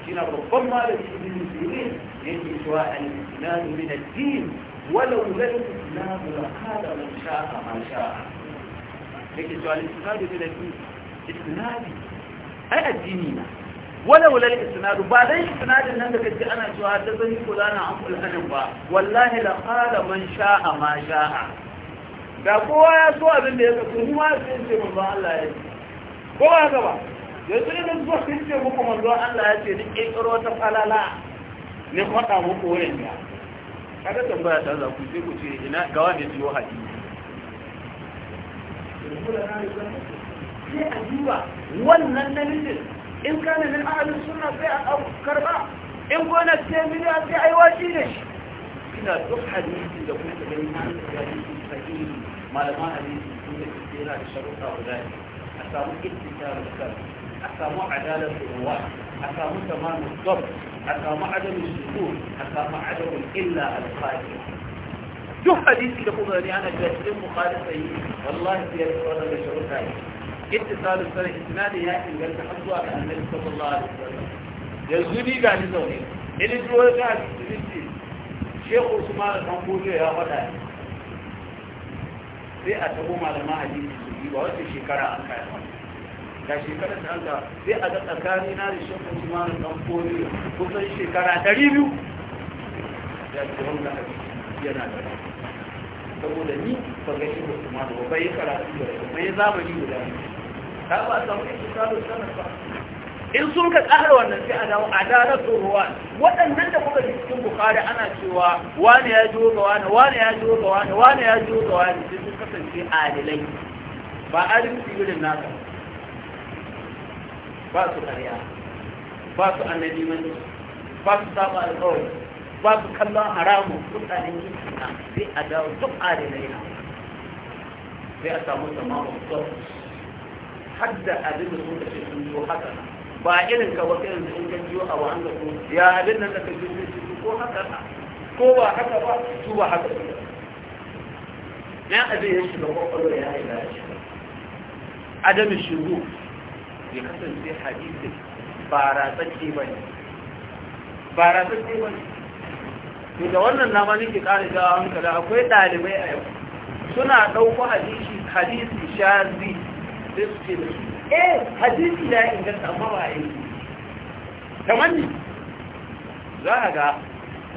شنا ربما مالك ابن المسلمين يجب سواء الإسلام من الدين ولو لا الإسلام لقال من شاء ما شاء لكن سواء الإسلام من الدين إسلامي أي الدينينا ولو لا الإسناد بعدين إسناد أنك كنت أنا شهادتني فلانا عن فلانا والله لقال من شاء ما شاء da kowa ya so abin da ya kasu ni ma sai ce mun ba Allah ya ko ba ka ba yanzu ne da zuwa sun ce muku manzo Allah ya ce ni ƙirƙiro ta falala ni faɗa muku wurin ya kada tambaya ta za ku sai ku ce ina ga wani jiyo haɗi sai a duba wannan namijin in ne min ahalin suna sai a karba in gona ce a sai a yi washi ne ina duk hadisi da kuma ta gani an hadisi malama malaman hadisi sun da ke yana da sharuɗa guda a samu ittisar da kansu samu adalar ruwa a samu tamamin gab a samu adamin shigo a samu adamin illa alfahari duk hadisi da kuma gani ana da cikin bukhari sai wallahi sai ya yi wannan da sharuɗa ne ittisalus sana isnadi ya inganta har zuwa ga annabi sallallahu alaihi wasallam yanzu ni ga ni zaune idan ji wani ga hadisi shehu usman dan kojo ya faɗa sai a tabo malama hadisi su yi ba wata shekara an kai da shekarar da Allah sai a ga tsakani na da shi kuma na dan kori kusan shekara 200 ya ce wanda yana da saboda ni ba ga shi kuma da ba yi karatu da ba yi zamani guda ta ba samu shi kalu sanar ba in sun ka tsahar wannan sai a dawo adalatul ruwa waɗannan da kuka cikin bukari ana cewa wani ya jiwo ga wani wani ya jiwo ga wani wani ya jiwo ga wani sai sun kasance adilai ba adalci irin naka ba su ƙarya ba su annabi mani ba su saba alƙawari ba su kallon haramun mutanen yankina sai a dawo duk adalai na sai a samu tamamin tsoro hadda abin da sun kashe sun zo haka ba irin ka ba irin da in ka jiyo a wa'an da ko ya abin nan da ka jiyo ko haka ko ba haka ba su ba haka su na abin ya shiga kwakwalwa ya haifar ya shiga Adamu shiru ya kasance hadisin baratsacce ba ne baratsacce ba ne to da wannan ma nake ƙara jawo hankali akwai ɗalibai a yau suna ɗauko hadisi hadisi shazi sai su ce da su eh hadisi ya inganta amma ba a yi kamar ni za a ga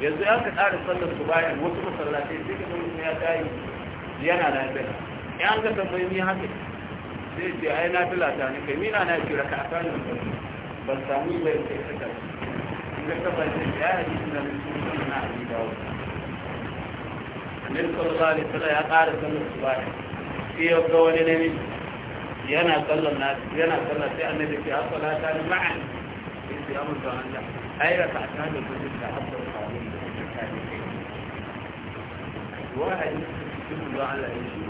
yanzu ya ka tsara sallar su bayan wasu masallatai sai ka zama ya tayi yana lafiya ya an ga tambayi haka sai ce ai na fila ta ne kai mina na ce raka ta ne ban samu ba ya kai saka in ka kafa ce ya hadisi na musulmi na abi dawo annabi sallallahu alaihi wasallam ya ƙara sallar suba sai ya ga wani namiji yana sallar na yana sallar sai annabi ce a salata ni ma'an sai ce ya mutu an da ai raka ta ne ko ta haɓar kawo ne da ta ne kai wa hadisi sun zo Allah ya shi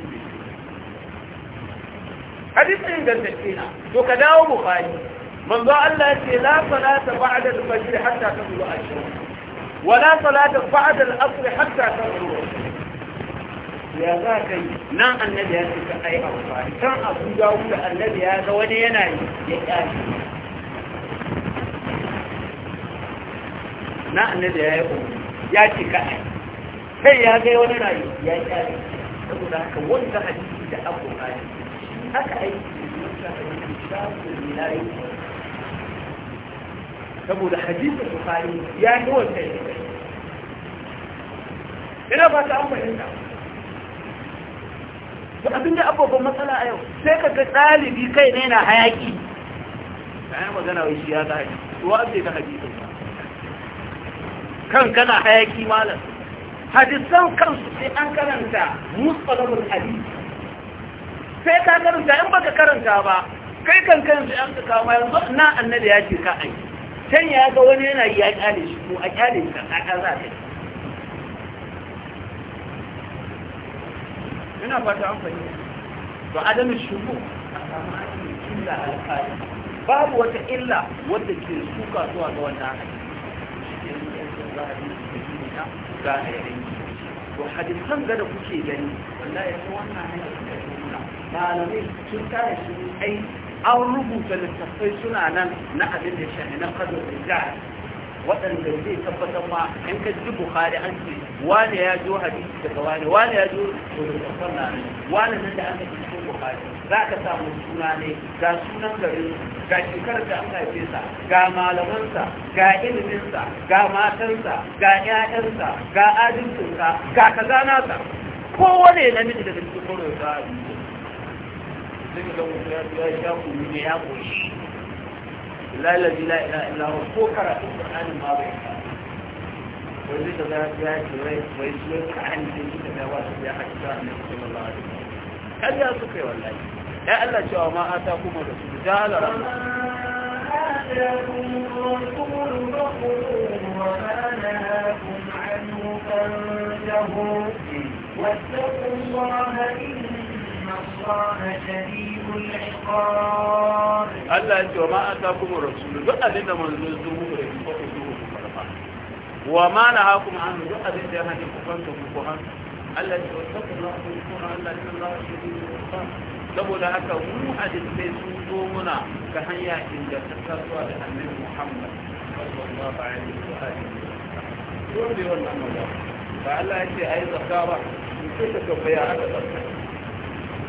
hadisin ingantacce na to ka dawo bukhari manzo Allah ce la salata ba'da al-fajr hatta tulu al-ashr wa la salata ba'da al-asr hatta tulu ya za ka yi nan annabi ya ce ka ai amfani kan abu da wanda annabi ya ga wani yana yi ya kyashi na annabi ya yi ya ce ka ai kai ya ga wani rayu ya kyashi saboda haka wanda hadisi da abu ne haka aiki saboda hadisun bukari ya yi wanda ya ina ba ta amfani da ba abin da abubuwan matsala a yau sai ka ga ɗalibi kai ne na hayaki kayan magana wai shi ya zai ruwa zai ga hadisun ba kan kana hayaki malam hadisan kansu sai an karanta musallamul hadisi sai ka karanta in baka karanta ba kai kan kan sai an ka kama yanzu na annabi ya ce ka ai can ya ga wani yana yi ya kyale shi ko a kyale shi ka ka za ta ina fata an fahimta to adamu shugo a samu ake illa alƙali babu wata illa wadda ke suka zuwa ga wannan hanyar ga hadisan ga da kuke gani wallahi yanzu wannan hanyar malamai sun kare su ai an rubuta littattafai suna nan na abin da shani na kadar da jihar waɗanda zai tabbatar ma in ka ji bukari an ce wani ya jo hadisi daga wani wani ya jo littattafan na ne wani nan da aka ji cikin bukari za ka samu suna ne ga sunan garin ga shekarar da an haife sa ga malamansa ga iliminsa ga matansa ga 'ya'yansa ga adalcinsa ga kaza nasa kowane namiji daga cikin koro tsari mutum da mutum ya sha kuru ne ya koshi lalazi la ila illa wa ko karatun qur'anin ma bai ka wai zai kaza ya ce wai wai su yi qur'ani sai su kaza wa su ya hakika ne sallallahu alaihi wasallam kariya su kai wallahi ya Allah cewa ma ata kuma da su da Allah واتقوا الله إن Allah ya ce wa ma an ta kuma rasulu duk abin da manzo zo muku da kuma ku zo ku farfa wa ma na hakum an duk abin da yana ku fanta ku ku han Allah ya ce wa sallallahu alaihi wa sallam Allah ya Allah ya ce saboda haka mu hadisai sun zo muna ta hanya inda ta kasuwa da annabi Muhammad sallallahu alaihi wa alihi dole wannan magana ba Allah ya ce ai zakara ku ta tabbaya aka tsaka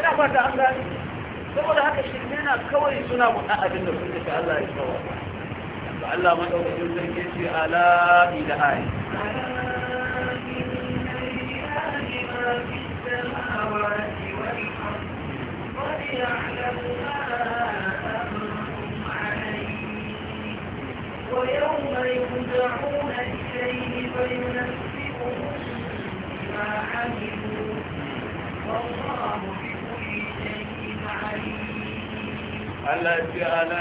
ina fata an gani saboda haka shi ne na kawai suna mutan abin da kuka ta Allah ya kawo to Allah ma daukakin sarki ce ala ilaha ويوم يرجعون إليه فينسئهم ما عملوا والله Allah ya ce ala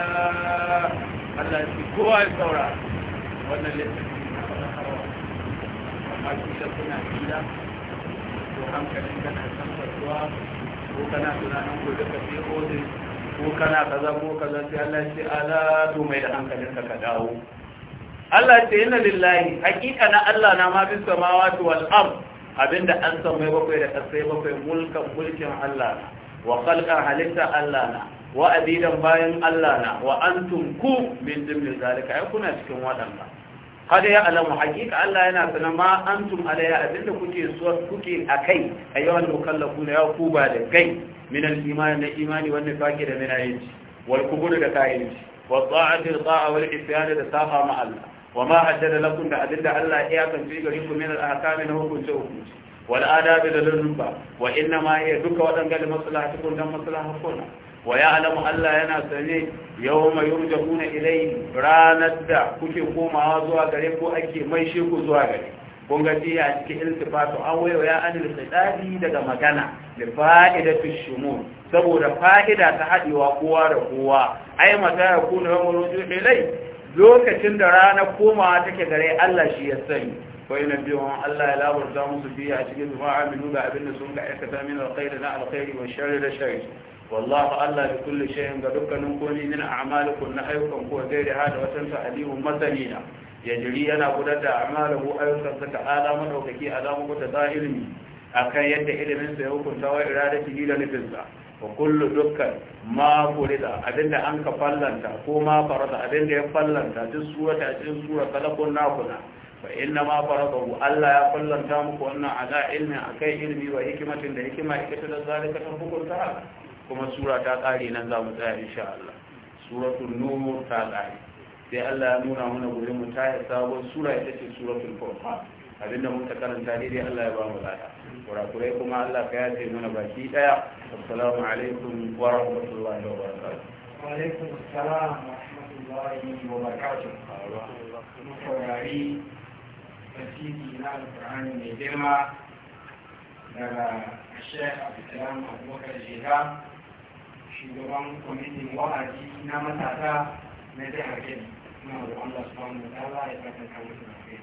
Allah ya ce kowa ya saura wannan littafi na farawa amma shi da kuna gida ko hankalin kana san fasuwa ko kana tunanin gobe ka sai odin ko kana kaza ko kaza sai Allah ya ce ala to mai da hankalin ka dawo Allah ce yana lillahi hakika na Allah na ma bin samawati wal ard abinda an san mai bakwai da kasai bakwai mulkan mulkin Allah wa khalqa halitta Allah na wa abidan bayan Allah na wa antum ku min dimmin zalika ai kuna cikin wadanda kada ya alamu hakika Allah yana sanar ma antum alaya abinda kuke so kuke akai ayyuhal mukallafuna ya ku ba da kai Minan al na imani wannan fake da mina yin wal kubur da kayin wa ta'atil ta'a wal isyan da safa ma Allah wa ma haddada lakum da abinda Allah ya kan ci gari ku min na hukunce hukunci wal adabi da lulluba wa inna ma hiya duka waɗanda da maslahatukun dan maslahatukuna wa ya'lamu Allah yana sane yawma yurja'una ilayhi ranar da kuke komawa zuwa gare ko ake mai shi ku zuwa gare kun ga a cikin iltifatu an wayo ya anil fitadi daga magana da fa'idatu shumul saboda fa'ida ta hadewa kowa da kowa ai mata ya kuna yawmul ilai lokacin da rana komawa take gare Allah shi ya sani fa'ina biyun Allah ya labarta musu biya a cikin zuwa aminu da abin da sun ka aikata min alkhairi na alkhairi wa shari da shari wallahu Allah bi kulli shay'in ga dukkanin komai min a'malikum na ayyukan ko gairi hada watan sa alimun ya yajri yana gudanar da a'malahu ayyukan sa ala madaukaki alamu ta zahiri akan yadda ilimin sa ya hukunta wa iradati da nufin sa wa kullu dukkan ma abinda an ka fallanta ko ma farada abinda ya fallanta duk surata cikin sura kalakun nakuna fa inna ma faradahu Allah ya kullanta muku wannan ala ilmi akai ilmi wa hikimatin da hikima ita da zalika ta hukunta kuma sura ta kare nan za mu tsaya insha Allah suratul nur ta kare sai Allah ya nuna mana gurin mu ta sabon sura ita ce suratul furqan abinda ta karanta ne dai Allah ya ba mu lada kure kuma Allah ka yace mana baki daya assalamu alaikum wa rahmatullahi wa barakatuh wa alaikum assalam wa rahmatullahi wa barakatuh saurari تفسيري إلى القرآن من جمع الشيخ عبد السلام أبو بكر الجيزان shugaban kwamitin wa'azi na matasa na jihar kebbi suna da wanda su wani mutala ya fata kawo su kai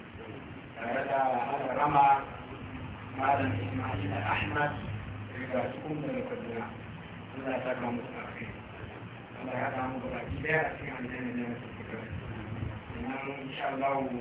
tare da hada rama malam ismail ahmad daga cikin daga kaduna allah ya saka musu a kai allah ya samu gaba ki daya a cikin aljanna ne masu fitar sannan insha allahu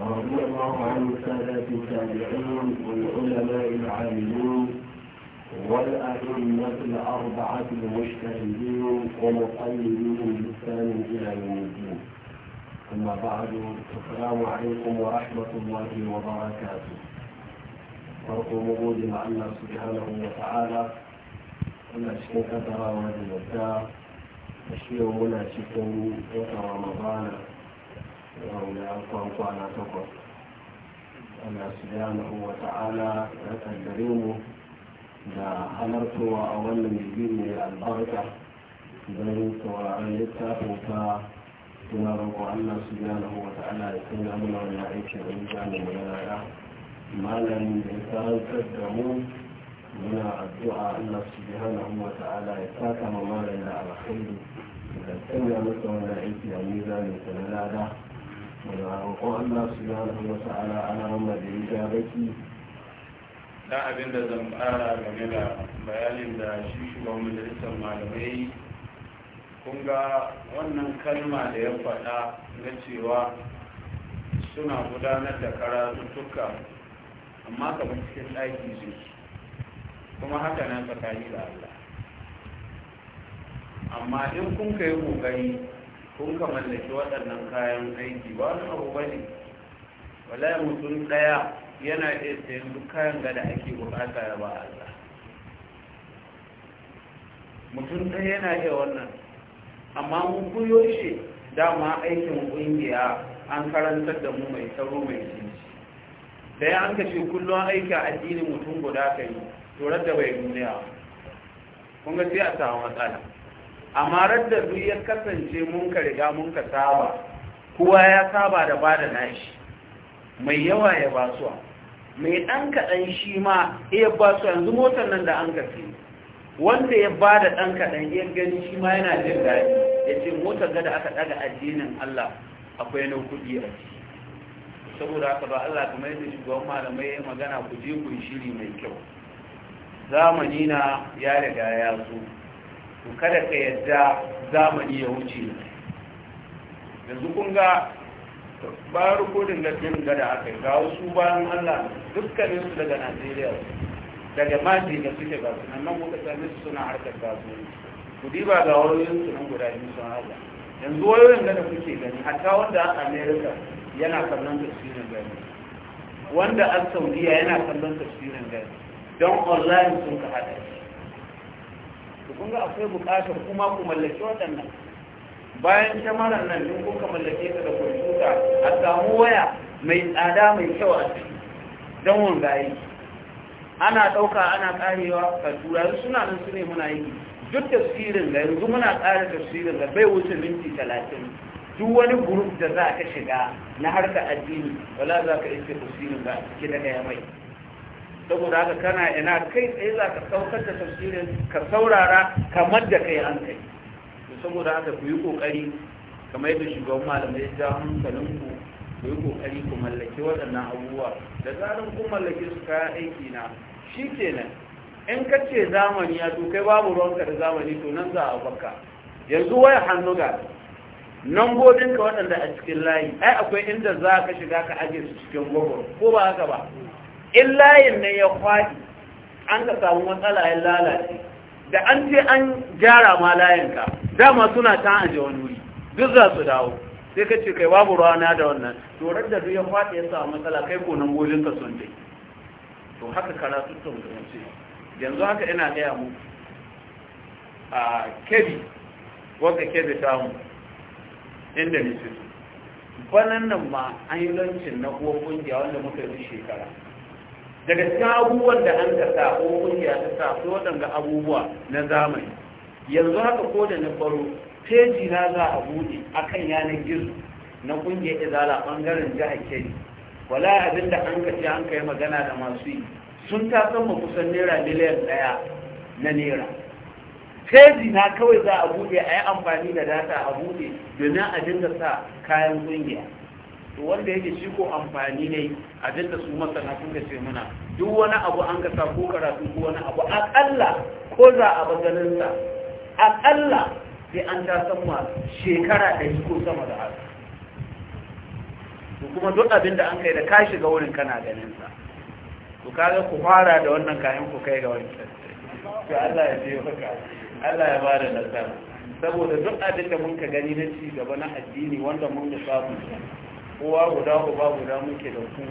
ورضي الله عن السادة التابعين والعلماء العاملين والأئمة الأربعة المجتهدين ومقلدين بإحسان إلى يوم الدين أما بعد السلام عليكم ورحمة الله وبركاته farko magode ma Allah subhanahu wa ta'ala muna cikin kaddarawa da yadda ولا shirin muna cikin yau da kwana takwas Allah subhanahu wa ta'ala ya kaddare mu da halartowa a wannan jirgin mai albarka don sauraron littafin ta suna roƙo Allah su subhanahu wa ta'ala ya sanya mana wani aikin rinja da mu yaya malamin da ya karantar da mu muna addu'a Allah su subhanahu wa ta'ala ya saka ma malamin da alkhairi da sanya masa wani aiki a mizanin sa na lada da roƙon Allah subhanahu wa wasu ana wannan da ya baki dan abin da zan ƙara game da bayanin da shi shugaban majalisar malamai kun ga wannan kalma da ya faɗa na cewa suna gudanar da karatuttuka amma kamar cikin ɗaki su kuma haka nan tsakani da Allah amma in kun kai ƙoƙari kun ka mallaki waɗannan kayan aiki ba wani abu ba ne wallahi mutum ɗaya yana iya sayan duk kayan gada ake bukata ya ba Allah mutum ɗaya yana iya wannan amma mun kuyo shi dama aikin ƙungiya an karantar da mu mai tsaro mai cinci da ya an kashe kullum aiki a addinin mutum guda ka yi to da bai duniya kun ga sai a samu matsala amma radda duk ya kasance mun ka riga mun ka saba kowa ya saba da bada nashi mai yawa ya basuwa mai dan kadan shi ma iya basuwa yanzu motar nan da an gafi wanda ya bada dan kadan ya iya gani shi ma yana jin daɗi ya ce motar gada aka ɗaga addinin Allah akwai nan kuɗi a ciki saboda haka ba Allah kamar yadda shugaban malamai ya magana ku je ku shiri mai kyau zamani na ya riga ya zo. to kada ka yadda zamani ya wuce yanzu kun ga bayan rikodin gajin gada aka ga wasu bayan allah dukkanin su daga najeriya daga maji da suke ba su nan kuka sami su suna harkar kasuwanci ku diba ga wayoyin su nan guda biyu sun haɗa. yanzu wayoyin da kuke gani hatta wanda a america yana kallon tafsirin gani wanda a saudiya yana kallon tafsirin gani don online sun ka haɗa shi kun ga akwai bukatar kuma ku mallaki waɗannan bayan shamarar nan in kuka mallake ta da kwamfuta a samu waya mai tsada mai kyau a ciki don wangaye ana ɗauka ana ƙarewa ka tura suna nan su ne muna yi duk tafsirin da yanzu muna ƙara tafsirin da bai wuce minti talatin duk wani grup da za ka shiga na harkar addini wala za ka iske tafsirin a ciki daga ya saboda haka kana ina kai tsaye za ka saukar da tafsirin ka saurara kamar da kai an kai saboda haka ku yi kokari kamar yadda shugaban malamai ya ja hankalin ku ku yi kokari ku mallaki waɗannan abubuwa da zaran kun mallake su kayan aiki na shi kenan in ka ce zamani ya to kai babu ruwanka da zamani to nan za a baka yanzu waya hannu ga ka waɗanda a cikin layi ai akwai inda za ka shiga ka ajiye su cikin gwagwar ko ba haka ba in layin ne ya kwaɗi an ka samu matsala ya lalace da an ce an gyara ma layinka dama suna ta aje wani wuri duk za su dawo sai ka ce kai babu rana da wannan torar da ya kwaɗi ya samu matsala kai ko nan ka sun dai to haka su ta mutunce yanzu haka ina gaya mu a kebi wanda kebi mu. inda ne su banan nan ma an yi lancin na kuwa kungiya wanda muka yi shekara daga cikin abubuwan da an ka ko kungiya ta sa ko waɗanda abubuwa na zamani yanzu haka ko da na baro peji na za a buɗe akan yanar gizo na kungiyar izala ɓangaren jihar kebbi wala abin da an kace an kai magana da masu yi sun ta kama kusan naira miliyan ɗaya na naira peji na kawai za a buɗe a yi amfani da data a buɗe domin a dinga sa kayan kungiya to wanda yake shi ko amfani ne abin da su masana sun ka ce muna duk wani abu an ka sa ko karatu ko wani abu akalla ko za a bazanin sa akalla sai an ta san ma shekara shi ko sama da haka to kuma duk abin da an kai da ka shiga wurin kana ganin sa to kaga ku fara da wannan kayan ku kai ga wancan to Allah ya biyo haka Allah ya bada nasara saboda duk abin da mun ka gani na ci gaba na addini wanda mun ka samu kowa guda uba guda muke da ku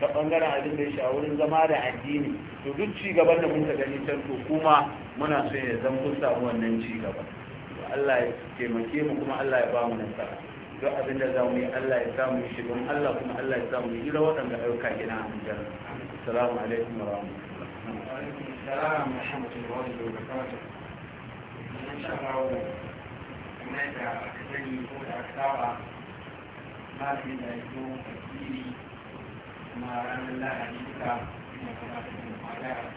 ta bangaren abin da ya a wurin zama da addini to duk ci gaban da muka gani can to kuma muna so ya zan kun samu wannan ci gaba Allah ya taimake mu kuma Allah ya ba mu nasara duk abin da za mu yi Allah ya samu shi don Allah kuma Allah ya samu yi da waɗanda ayyuka gina a Nijar. Assalamu alaikum wa rahmatullahi. malamin da ya zo tasiri kuma ranar lahadi duka ina gabatar da magana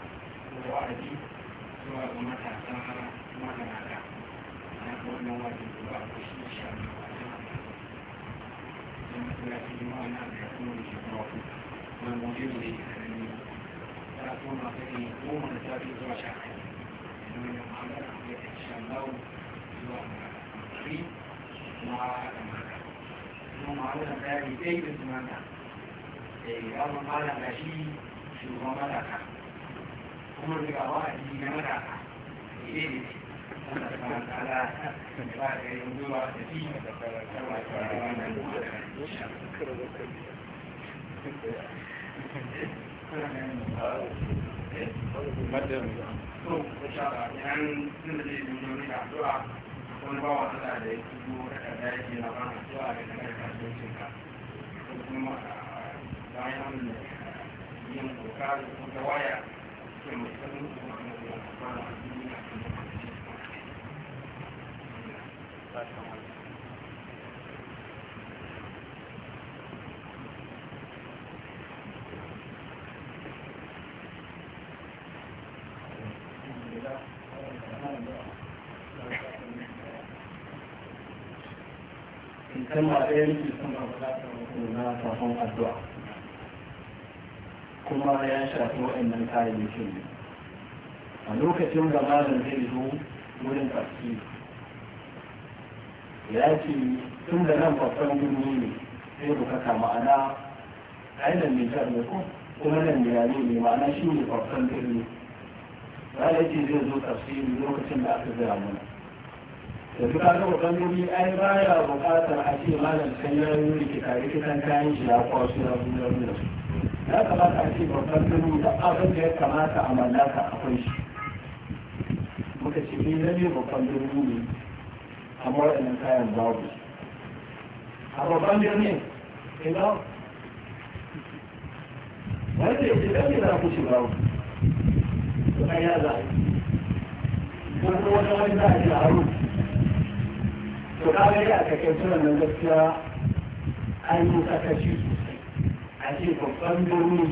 ko wa'azi zuwa ga matasan maganata na ga wannan wajen zuwa ko shi sha biyu a cikin masallaci juma'a na da kuma da shekaru mai mujibu da ke kanan ne ta kuma ta ke goma da ta fi zuwa sha biyu domin da ma'amala da ta sha biyu zuwa ga kuma da ma'amala kuma wannan bayani sai da sunan da eh amma malam da shi shugaban malaka kuma a wa'adi na malaka yi eh, ne Allah subhanahu wa ta'ala ya ba da yin gwiwa da shi da karanta da wannan Madam. So, inshallah, and in the day, we're going to have wani bawa Allah da ya tuzo da ya ke na bana zuwa ga takarda kasuwancin ka ko kuma bayan ah, an ah, yin doka da kuma waya ke mai sanin kuma kuma da ya fara a cikin kalma ɗaya nake son na kafin addu'a kuma ya shafi waɗannan kayayyakin ne a lokacin da malam zai zo wurin tafsiri ya ce tun da nan babban birni ne sai bukata ma'ana ainihin mai jar ne kuma nan da yare ne ma'ana shi ne babban birni ya ce zai zo tafsiri lokacin da aka zira mana yanzu ka zama ganoni ai baya bukatar a ce malam kan ya yi wuri ka rikitan kayan shi ya kwaso ya zuwa zuwa ya kamata a ce babban gani da abin da ya kamata a mallaka akwai shi muka ce ni na ne babban gani ne amma waɗannan kayan babu a babban gani ina wanda ya ce gani za ku ci babu to kan ya za a yi ko kuma wani wani za a ji a rufe to ka gani a takaice nan gaskiya an yi sakaci sosai a ce babban birni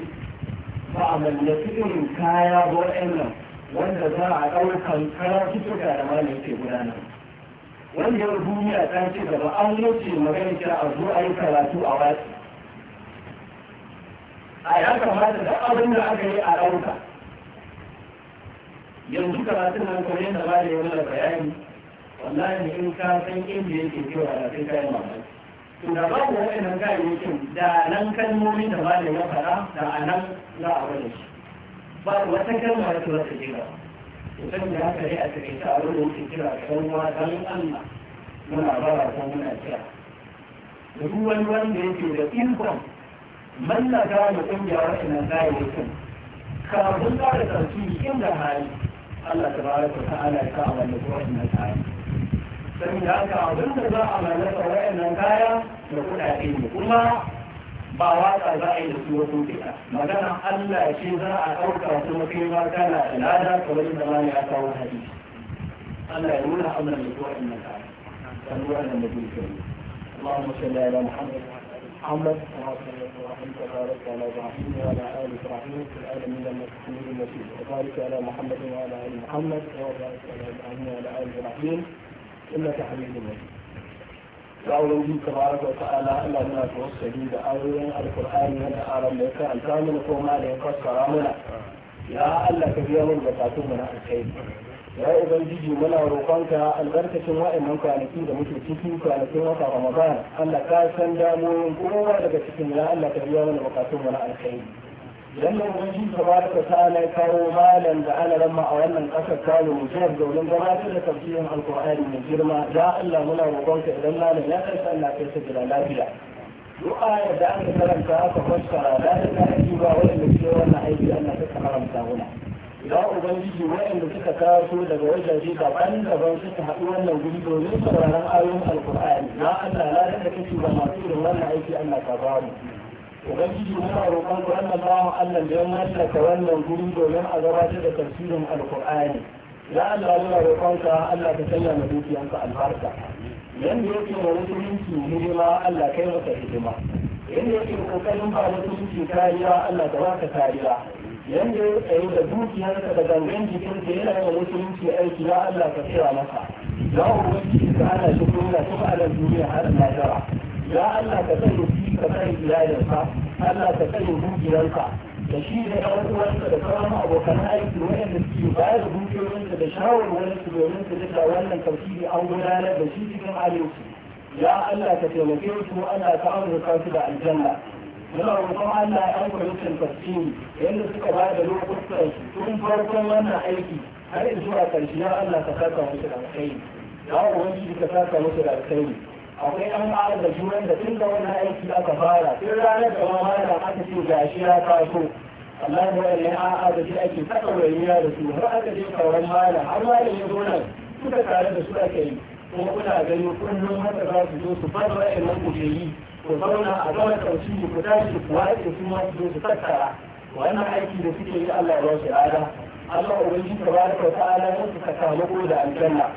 ba a mallaki irin kaya ba nan wanda za a ɗaukan karatu suka da malam ke gudanar wanda yau duniya ta ce gaba an wuce magana kira a zo a yi karatu a watsi a ya kamata da abin da aka yi a ɗauka yanzu karatun nan kamar yadda ba da yi mana bayani wallahi in ka san inda yake cewa da sai kai mamaki to da ba babu wa'annan kayayyakin da nan kalmomin da malam ya fara da a nan za a wani shi ba wata kalma da ta jira to san da haka dai a take ta a wani yake kira kan wa dan Allah muna bara ko muna kira da duk wani wanda yake da ikon mallaka da kungiya wa'annan kayayyakin kafin ƙara sarki inda hali Allah ta baraka ta'ala ya sa wannan ruwan na ta'ala saboda haka abin da za a mallaka wayannan kaya da kuɗaɗe ne kuma ba waka za a yi da su wasu kiɗa magana Allah ce za a ɗauka kuma kai ma kana da lada kamar yadda ma ya kawo hadisi Allah ya nuna amran da zuwa inna ka kan zuwa nan da duk kai Allahumma salli ala Muhammad محمد وعلى ورحمة بارك على إبراهيم وعلى آل إبراهيم في العالمين إنك حميد مجيد وبارك على محمد وعلى آل محمد وبارك على إبراهيم وعلى آل إبراهيم إنك حميد مجيد وأولو بي تبارك وتعالى إلا أن توصلي بآية القرآن من أعلم لك أن تعمل فوما ليقص رامنا يا الله كبير من بتاتمنا الخير ya ubangiji muna roƙonka albarkacin wa'annan kwanaki da muke ciki kwanakin wata ramadan allah ka san damuwoyin kowa daga cikin ya allah ka biya mana bukatun mu na alkhairi wannan wajen ta ta'ala ya kawo malam da ana ramma a wannan kasar kawo mu jihar domin gabatar da tafsirin alkur'ani mai girma da Allah muna roƙonka idan malam ya karsa Allah kai sa gida lafiya du'a da an karanta aka fassara da ta aiki ba wanda ke wannan aiki Allah ta haramta muna da ubangiji waɗanda suka taso daga wajaje daban-daban suka haɗu wannan guri domin sauraron ayoyin alkur'ani ya Allah na da kake ba masu irin wannan aiki Allah ka ba mu ubangiji muna roƙon ku annan bawan Allah da yan mallaka wannan guri domin a gabatar da tafsirin alqur'ani ya Allah muna roƙon ka Allah ka sanya mu dukiyanka albarka yanda yake wa musulunci hidima Allah kai masa hidima yanda yake kokarin ba musulunci kariya Allah ka baka kariya yanda ya tsaye da dukiyarsa da gangan jikinsa yana yin musulunci aiki ya Allah ka tsira masa ya ubangiji ka ana shi kuma ka ala duniya har lahira ya Allah ka sanya shi ka لا ينفع أما تكلم ممكن ينفع تشير إلى أنه وأنت تكرم أو كان أي سلوية نفسي وقال ممكن وأنت تشاور ولا سلوية نفسي تبدأ ولا توكيلي أو ولا لا بشير كم علي يا ألا تتوكيت وأنا أتعرض قاسب على الجنة لما رمضان ألا أنكر لسا التفكين لأن السكة بعد دلوق قصة تقول فاركم وأنا حيكي هل الجوع تنشي يا ألا تفاكر مثل الخير يا أولي تفاكر مثل الخير akwai ɗan ƙara da junan da tun da wannan aiki aka fara tun ranar da ma da aka ce ga shi ya taso Allah da wannan a'a da shi ake saka wariya da su har aka je kauran malam har malam ya zo nan suka tare da su aka yi kuma kuna gani kullum haka za su zo su fara wa'annan kujeyi ku zauna a zama tausi ku tashi ku wace su ma su zo su tattara wannan aiki da suke yi Allah ya ba shi ada Allah ubangiji tabaraka wa ta'ala ya saka sakamako da aljanna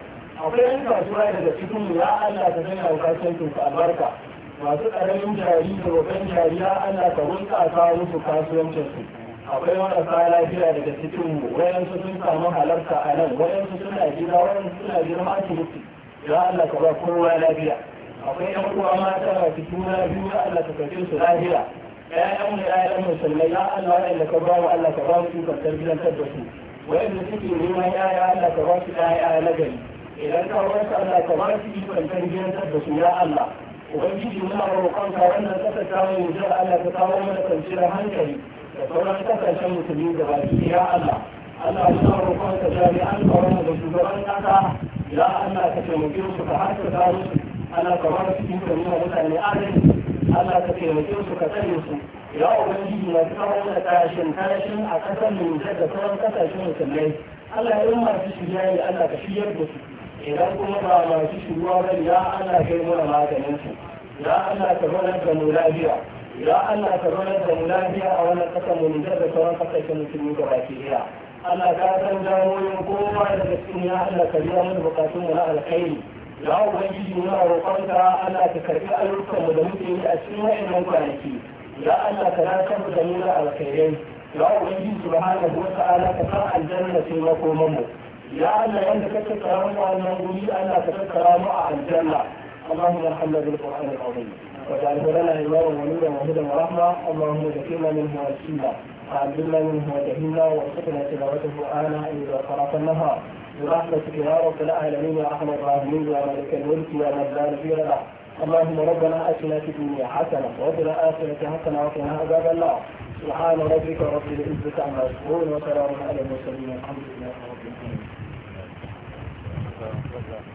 akwai yan kasuwa daga cikin ya Allah ka sanya kasuwancin su albarka masu ƙaramin jari da babban jari ya Allah ka bunƙasa musu kasuwancin su akwai marasa lafiya daga cikin mu wayansu sun samu halarta a nan wayansu suna gida wayansu suna girma asibiti ya Allah ka ba kowa lafiya akwai yan uwa mata masu juna biyu ya Allah ka kace su lafiya ƴaƴan mu ƴaƴan musulmai ya Allah wa'anda ka ba mu Allah ka ba mu ikon tarbiyyantar da su wa'anda suke neman ƴaƴa Allah ka ba su ƴaƴa na gari idan ka wasa Allah ka ba shi ikon tarbiyyar da su ya Allah ubangiji muna roƙonka wannan ƙasa ta mu jar Allah ka kawo mana kwanciyar hankali da sauran kasashen musulmi da baki ya Allah Allah muna roƙonka jami'an tsaron da shugaban ƙasa ya Allah ka taimake su ka haskaka musu ana kamar su ikon nuna mutane adalci Allah ka taimake su ka tsare su ya ubangiji na kawo mana tashin tashin a ƙasar mu da sauran kasashen musulmai Allah ya yi masu shirya ne Allah ka shiryar da su idan kuma ba masu shiruwa ba ya ana kai mana maganin su ya ana ka mana da mu lafiya ya ana ka mana da mu lafiya a wannan kasar mu da da sauran kasashen musulmi gaba ki daya ana ka san damoyin kowa daga cikin ya Allah ka biya mana bukatun mu na alkhairi ya ubangiji muna roƙonka ana ka karbi ayyukan mu da muke yi a cikin wa'annan kwanaki ya Allah ka rantsar da mu na alkhairai ya ubangiji subhanahu wa ta'ala ka san aljanna sai makoman mu يا عندك يا انت كتكرم على الموجودين الا تكتكرم على الجنه اللهم ارحمنا بالقران العظيم واجعله لنا اماما ونورا وهدى ورحمه اللهم ذكرنا منه ونسينا وعلمنا منه وجهلنا وارزقنا تلاوته اناء اذا طرف النهار برحمتك يا رب العالمين يا ارحم الراحمين يا ملك الملك يا من لا نظير له اللهم ربنا اتنا في الدنيا حسنه وفي الاخره حسنه وقنا عذاب النار سبحان ربك رب العزه عما يصفون وسلام على المرسلين الحمد لله رب العالمين الله